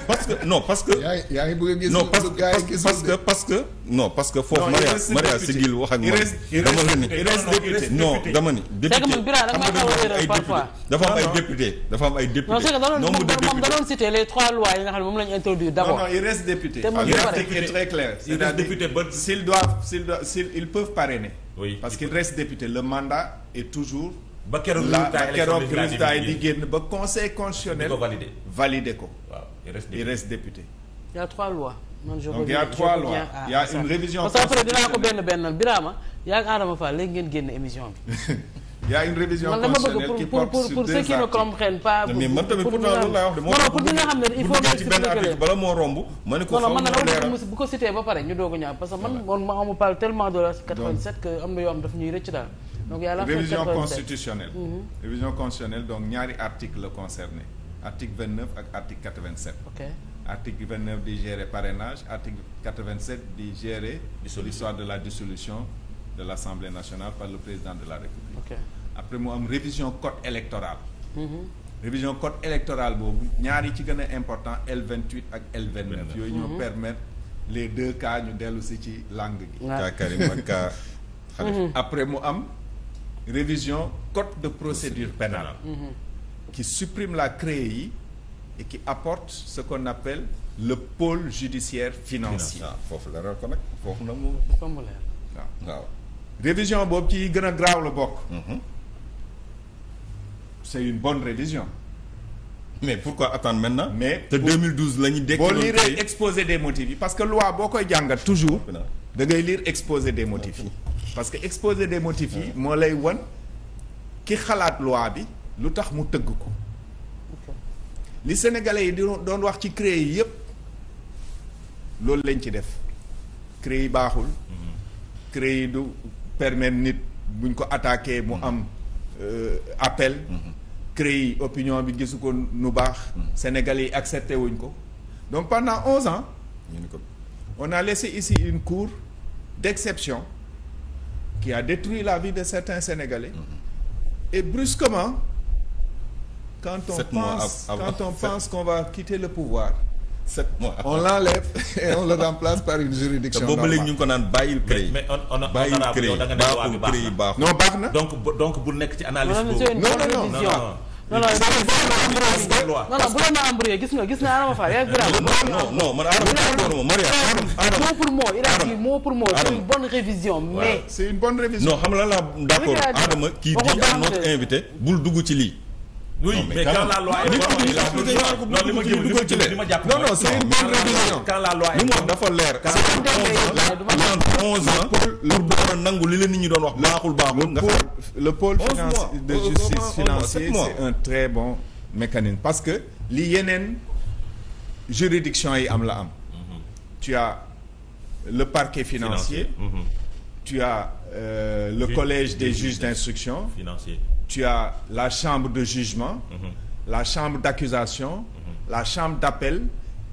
parce que non parce que. yaa ngi yaa ngi bëgg parce que parce que parce que. non parce que foofu. Maria Maria Sigil wax ak man. dama la ni non dama ni. député dafa am ay député dafa am ay député. moom da doon cité les yi nga xam ne moom la ñu introduire d'abord. non non député. te moom il reste oui parce que reste député le mandat est toujours. ba keroog résultat yi di génn ba conseil constitutionnel. validé ko waaw député. il a trois lois. man je donc il y a trois lois il y a une révision. parce que dinaa ko benn benn Birama yaa ngi Adama Fall léegi ngeen génn émission bi. <laughs> y a une révision constitutionnelle qui porte pour, pour, pour ceux qui ne comprennent pas. mais man tamit pourtant loolu laay wax de. non non pour ñu nga xam ne il faut nga ci benn article bala moo romb. ma ne ko foofu man nag bu ko cité ba pare ñu doog a ñaaw parce que man man ma xamul parle tellement de la 87 que am na yoo xam daf ñuy rëcc daal. donc yàlla révision constitutionnelle. Mhm. révision constitutionnelle donc ñaari article la concerné article 29 ak article 87. ok article 29 di gérer parrainage article 87 di gérer. l'histoire de la dissolution. de l'Assemblée nationale par le président de la République okay. après mu am révision code électorale mm mm-hmm. révision code électorale boobu ñaar yi ci gën a important L28 ak L29 yooyu ñoo mm-hmm. permettre les deux cas ñu dellusi ci langue gi kaa Karim ak kaa Khalifa mm-hmm. après mu am révision code de procédure pénale mm -hmm. qui supprime la CREI yi et qui apporte ce qu'on appelle le pôle judiciaire financier ah, foofu la kon foofu na mu ah, waaw waaw révision boobu ci gën a graaw la bokk. Mhm. c'est une bonne révision. mais pour pourquoi attendre maintenant. mais te 2012 la ñu. boo liiree exposé des motifs yi parce que loi boo koy jàngat toujours. da ngay exposé des motifs yi. parce que exposé des motifs yi. moo lay wan ki xalaat loi bi lu tax mu tëgg ko. li sénégalais yi di doon wax ci CREI yi yëpp loolu lañ ci def CREI yi baaxul. Mhm. CREI yi du. permettre nit buñ ko attaqué mu am euh, appel mm-hmm. créer opinion bi gisu ko nu baax mm-hmm. Sénégalais yi accepté wuñ ko donc pendant onze ans on a laissé ici une cour d'exception qui a détruit la vie de certains Sénégalais mm-hmm. et brusquement quand on pense quand on pense qu'on va quitter le pouvoir sept mois on l'enlève <laughs> et on le remplace par une juridiction boobu léegi ñu ngi ko naan bàyyil CREI. mais on on on baax non baax na. donc donc bu nekk ci analyse boobu. non non non bu leen ma embrouillé gis nga gis naa Adama Fall yaa ngi non non pour mot il a dit mot pour mot c'est une bonne révision mais. c'est une bonne révision non xam la laa d'accord Adama kii di notre invité bul dugg ci lii oui non, mais, mais quand, quand la loi est bonne li ma gëm dugal ci leen la loi est bonne leer c'est onze ans nangu li la nit ñi doon wax baaxul baaxul nga le pôle financier de justice financier c'est un très bon mécanisme parce que li yeneen juridiction yi am la am mm-hmm. tu as le parquet financier mm-hmm. tu as euh, le collège des juges d'instruction financier tu as la chambre de jugement, mhm. la chambre d'accusation, mhm. la chambre d'appel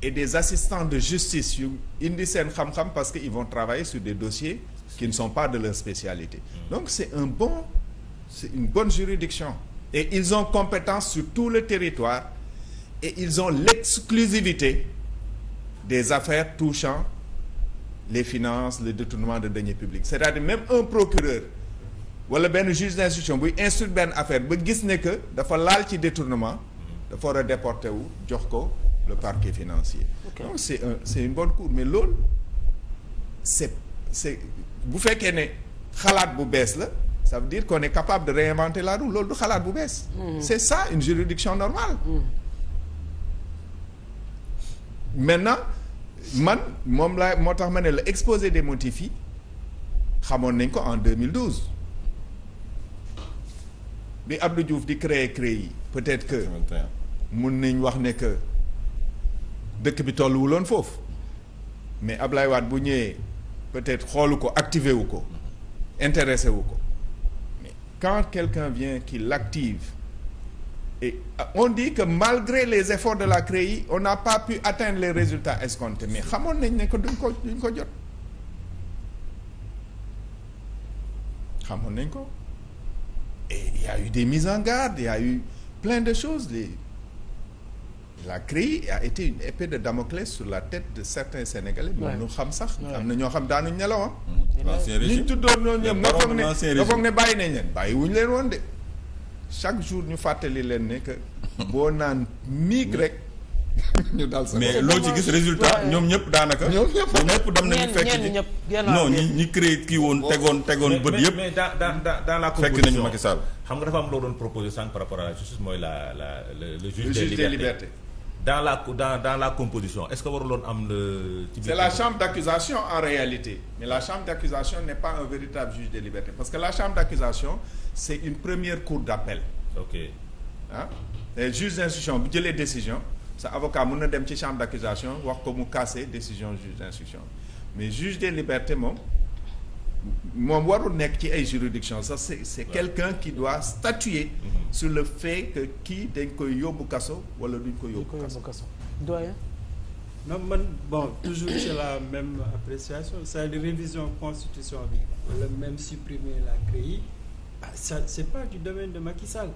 et des assistants de justice yu indi seen xam-xam parce que ils vont travailler sur des dossiers qui ne sont pas de leur spécialité. Mhm. Donc c'est un bon c'est une bonne juridiction et ils ont compétence sur tout le territoire et ils ont l'exclusivité des affaires touchant les finances, le détournement de deniers publics. C'est-à-dire même un procureur wala benn juge d'instruction buy instruire benn affaire ba gis ne que dafa laal ci détournement dafa war a déporté wu jox ko le parquet financier okay. donc c'est un c'est une bonne cour mais loolu c'est bu fekkee ne xalaat bu bees la ça veut dire qu'on ne capable de réinventer la roue loolu du xalaat bu bees hmm. c'est ça une juridiction normale mm. maintenant man moom laa moo tax ma ne la exposé des motifs yi xamoon nañ ko en 2012 bi Abdou Diouf di créer créer yi peut-être que mun nañ wax ne que dëkk bi tolluwuloon foofu mais Ablaye Wade bu ñëwee peut-être xoolu ko activer wu ko intéressé wu ko mais quand quelqu'un vient qui l'active et on dit que malgré les efforts de la CREI on n'a pas pu atteindre les résultats escomptés mais xamoon nañ ne que duñ ko duñ ko jot xamoon nañ ko Et il eu des mises en garde, il eu plein de choses. Les... La CRI a été une épée de Damoclès sur la tête de certains Sénégalais. moom ñu xam sax am na ñoo xam daanuñ nelaw ah. Mmh. Mmh. Mmh. l'ancien régime ñu tuddoon noonu ñoom nga ne nga ne bàyyi nañ leen bàyyi wuñ leen woon de chaque jour ñu fàttali leen ne que boo naan miig rek. ñu mais loo ci gis résultat ñoom ñëpp daanaka. ñoom ñëpp dem nañu fekk ji non ñi ñi créé kii woon oh. tegoon tegoon bët yëpp. mais dans dans la composition xam nga dafa am loo doon proposé sànq par rapport à la dans la la composition est-ce que waruloon am le. ci biir la chambre d'accusation en réalité mais la chambre d'accusation n'est pas un véritable juge des libertés parce que la chambre d'accusation c'est une première cour d'appel. ok ah juge d'instruction bu jëlee décision. sa avocat mën na dem ci chambre d'accusation wax ko mu casser décision juge d'instruction mais juge des libertés moom moom warul nekk ci ay juridiction sa c'est c'est quelqu'un qui doit statuer mhm. sur le fait que kii dañ koy yóbbu kaso wala duñ ko yóbbu kaso doyen non man bon toujours c'est la même appréciation cest à révision constitution bi wala même supprimer la CREI ah, ça c'est pas du domaine de Macky Sall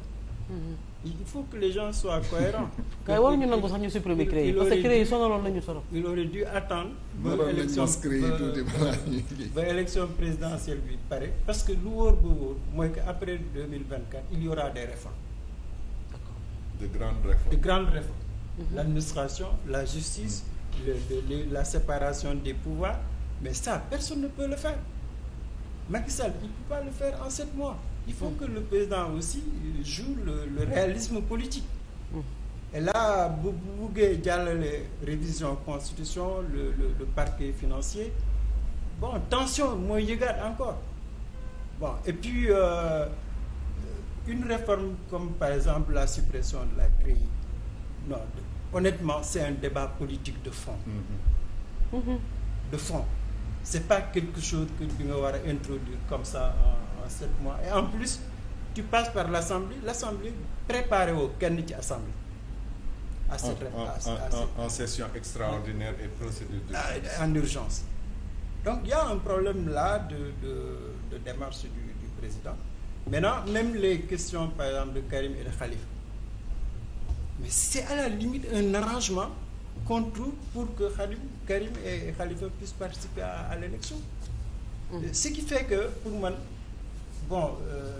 Mm-hmm. il faut que les gens soient cohérents. kay waruñu nangu sax ñu supprimer CREI yi parce que CREI yi sonaloon nañu solo. il aurait dû attendre. ba élection ba élection présidentielle bi pare. parce que lu wóor bu wóor mooy que après mille vingt quatre il y aura des réformes. de grandes réformes de grandes réformes. Mm -hmm. l'administration la justice. la séparation des pouvoirs mais ça personne ne peut le faire Macky Sall il ne peut pas le faire en sept mois. il faut que le président aussi joue le, le réalisme politique mm. et là bu buggee jàllale révision constitution le, le, parquet financier bon tension mooy yëgaat encore bon et puis euh, une réforme comme par exemple la suppression de la CREI non honnêtement c'est un débat politique de fond mm-hmm. Mm-hmm. de fond c'est pas quelque chose que bi nga war a introduire comme ça sept mois et en plus tu passes par l'assemblée l'assemblée préparé woo kenn ci assemblée à cette en session extraordinaire et procédure d'urgence ah, en urgence donc il y a un problème là de de de démarche du du président maintenant même les questions par exemple de Karim et de Khalifa mais c'est à la limite un arrangement qu'on pour que Khalim, Karim et Khalifa puissent participer à, l'élection. Mmh. Ce qui fait que pour moi bon euh,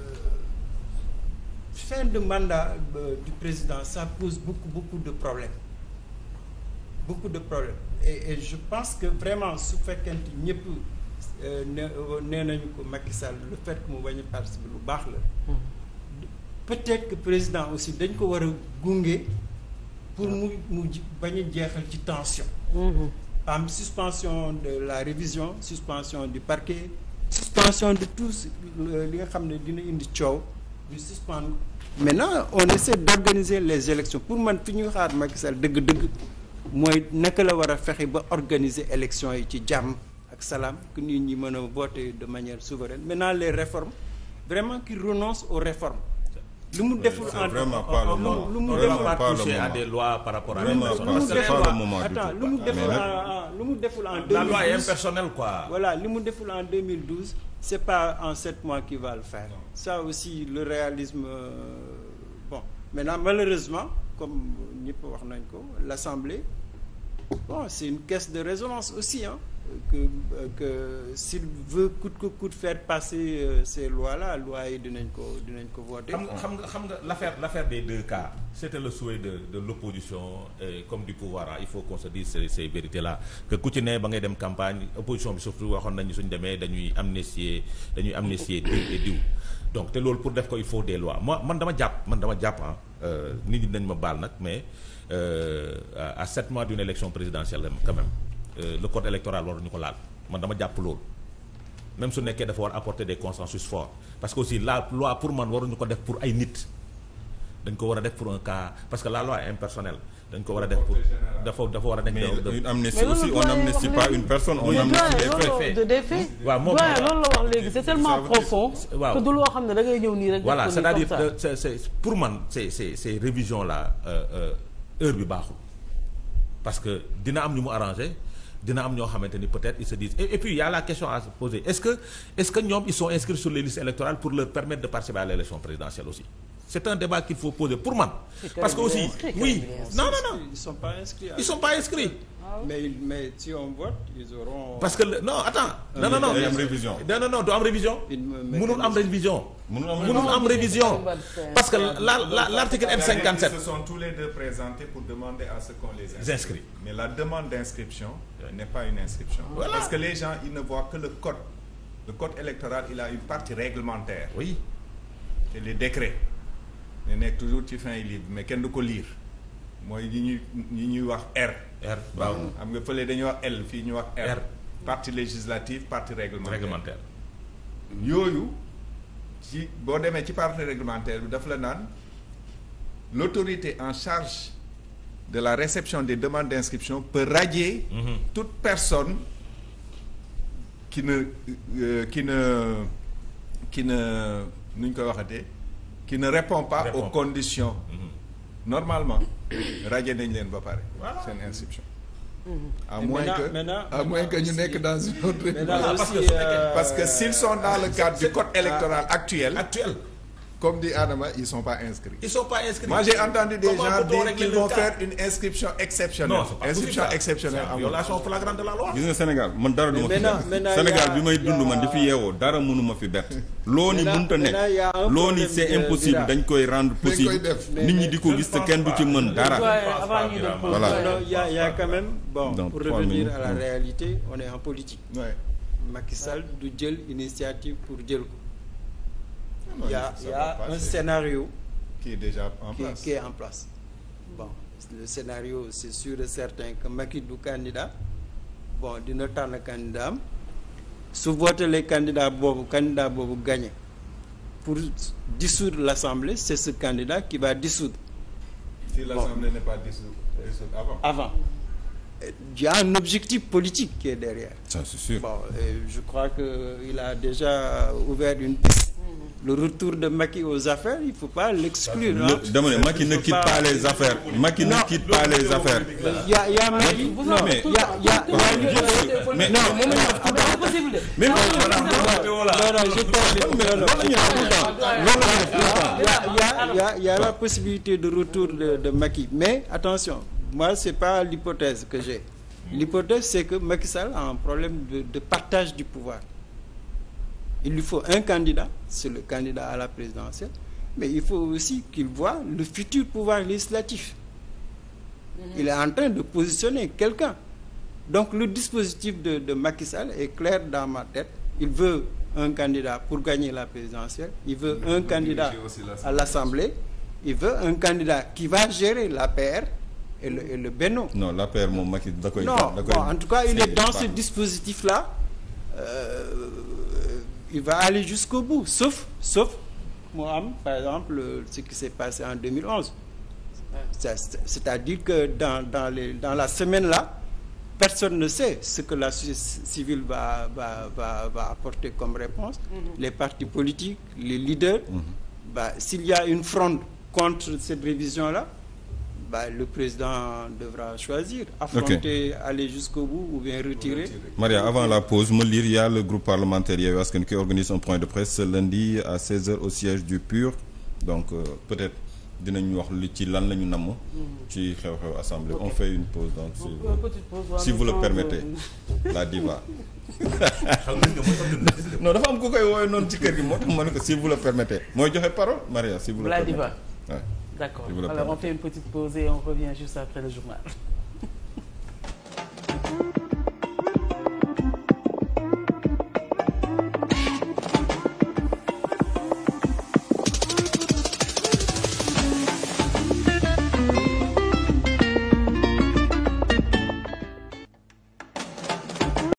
fin de mandat euh, du président sa pose beaucoup beaucoup de problèmes beaucoup de problèmes et, et je pense que vraiment su fekkente ñëpp euh, ne nee nañu ko Macky Sall le fait que mu bañ a lu baax la peut-être que président aussi dañ ko war a gunge pour mu mu bañ jeexal ci tension mm-hmm. am suspension de la révision suspension du parquet suspension de tous euh, li nga xam ne dina indi coow ñu suspendre maintenant on essaie d'organiser les élections pour man fi ñuy xaar Macky Sall dëgg-dëgg mooy naka la war a fexe ba organiser élections yi ci jàmm ak salaam que nit ñi mën a voter de manière souveraine maintenant les réformes vraiment qui renonce aux réformes lu mu deful en vraiment pas deful touché à des lois par rapport à vraiment pas c'est pas le moment du lu mu deful en 2012 quoi voilà li mu deful en 2012 c'est pas en sept mois qu'il va le faire ça aussi le réalisme euh, bon maintenant malheureusement comme ñëpp wax nañ ko l'Assemblée bon c'est une caisse de résonance aussi que euh, que s'il veut coûte que coûte faire passer euh, ces lois là lois yi dinañ ko dinañ ko voter. xam nga xam nga xam nga l'affaire l'affaire des deux cas c'était le souhait de de l'opposition et comme du pouvoir ah il faut qu'on se dise ces ces vérités là ne ba ngay dem campagne opposition bi surtout waxoon nañu suñ demee dañuy amnistier dañuy amnistier diw et diw donc te loolu pour def ko il faut des lois moi man dama jàpp man dama jàpp ah nit ñi nañ ma baal nag mais a sept mois d'une élection présidentielle quand même. Euh, le code électoral waruñu ko laal man dama jàpp loolu même su nekkee dafa war apporter des consensus forts parce que aussi la loi pour man waruñu ko def pour ay nit dañ ko war a def pour un cas parce que la loi est dañ ko war a def pour dafa dafa war a nekk. mais une amnistie aussi on n'amnistie pas une personne. on amnistie des faits waaw moom loolu la wax léegi c'est tellement profond. waaw que du loo xam ne da ngay ñëw nii rek. voilà c'est-à-dire c'est c'est pour man c'est c'est ces révisions là euh, euh, bi baaxul parce que dina am ñu mu arrangé. dina am ñoo xamante ni peut-être ils se disent et, et puis il y a la question à se poser est-ce que est-ce que ñoom ils sont inscrits sur les listes électorales pour leur permettre de participer à l'élection présidentielle aussi c'est un débat qu'il faut poser pour man parce que oui non non non ils sont pas inscrits mais mais si on vote parce que non attends. non non non révision. non non du am révision. mënul am révision. mënul am révision mënul am révision. parce que la la l' article M57. se sont tous les deux présentés pour demander à ce qu'on les inscrit. mais la demande d' inscription. n'est pas une inscription. parce que les gens ils ne voient que le code. le code électoral il a une partie réglementaire. oui. te les décrets. ñu nekk toujours ci fin yi livre mais kenn du ko lire. mooy yi ñuy yi ñuy wax R. R waaw xam nga fële dañuy wax L fii ñu wax R. partie législative partie réglementaire réglementaire. yooyu ci boo demee ci partie réglementaire bi daf la naan l'autorité en charge de la réception des demandes d'inscription peut radier. Mm -hmm. toute personne qui ne euh, qui ne na ne nu ñu koy waxatee qui ne répond pas répond. aux conditions. Mm-hmm. normalement radié nañ leen ba pare. seen inscription. à moins que à moins que ñu nekk dans une autre. Euh, parce que s'ils sont dans le cadre du code électoral ah, actuel. actuel. comme dit Adama ils sont pas inscrits. ils sont pas de la nga Sénégal man dara du ma fi bett Sénégal bi may dund man di fi yeewoo dara mënu ma fi bett. <laughs> loo ni mënut a nekk loo ni c'est impossible dañ koy rend possible nit ñi di ko gis te kenn du ci mën dara. voilà il y a il y a bon pour revenir à la réalité on du jël initiative pour jël ko. il y a, en qui, place. le scénario, c'est sûr et certain candidat, bon, dina tànn candidat am su votelee candidat boobu candidat boobu gagné pour dissoudre l'Assemblée, c'est ce candidat qui va dissoudre. Si l'Assemblée n'est pas dissoute, avant. Il y a un objectif politique qui est derrière. je crois que il a déjà ouvert une piste. le retour de Macky aux affaires il faut pas l'exclure dama ne Macky ne quitte pas les affaires Macky ne quitte pas non mais yaa yaa mais non mais non la possibilité de retour de de Macky mais attention moi c'est pas l'hypothèse que j'ai l'hypothèse c'est que Macky Sall a un problème de de partage du pouvoir Il lui faut un candidat, c'est le candidat à la présidentielle, mais il faut aussi qu'il voit le futur pouvoir législatif. Mmh. Il est en train de positionner quelqu'un. Donc le dispositif de, de Macky Sall est clair dans ma tête. Il veut un candidat pour gagner la présidentielle, il veut le, mm-hmm. un le candidat à l'Assemblée, il veut un candidat qui va gérer la PR et le, et le Beno. Non, la mon Macky, d'accord. il est dans ce dispositif-là. Euh, il va aller jusqu'au bout sauf sauf moo am par exemple ce qui s'est passé en 2011 c'est-à-dire que dans dans les dans la semaine là personne ne sait ce que la société civile va va va va apporter comme réponse mm -hmm. les partis politiques les leaders mm -hmm. bah s'il y a une fronde contre cette révision là bah, le président devra choisir, affronter, okay. aller jusqu'au bout ou bien retirer. Maria, avant la pause, me lire, il y a le groupe parlementaire Yéwasken qui organise un point de presse lundi à 16h au siège du PUR. Donc, euh, peut-être. dinañu wax li ci lan la ñu namm ci xew-xew assemblée on fait une pause donc si vous, si vous le permettez euh, la diva <laughs> non dafa am ku koy woowe noonu ci kër gi moo tax ma ne ko si vous le permettez mooy joxe parole Maria si vous la diva D'accord. Alors on fait une petite pause et on revient juste après le journal.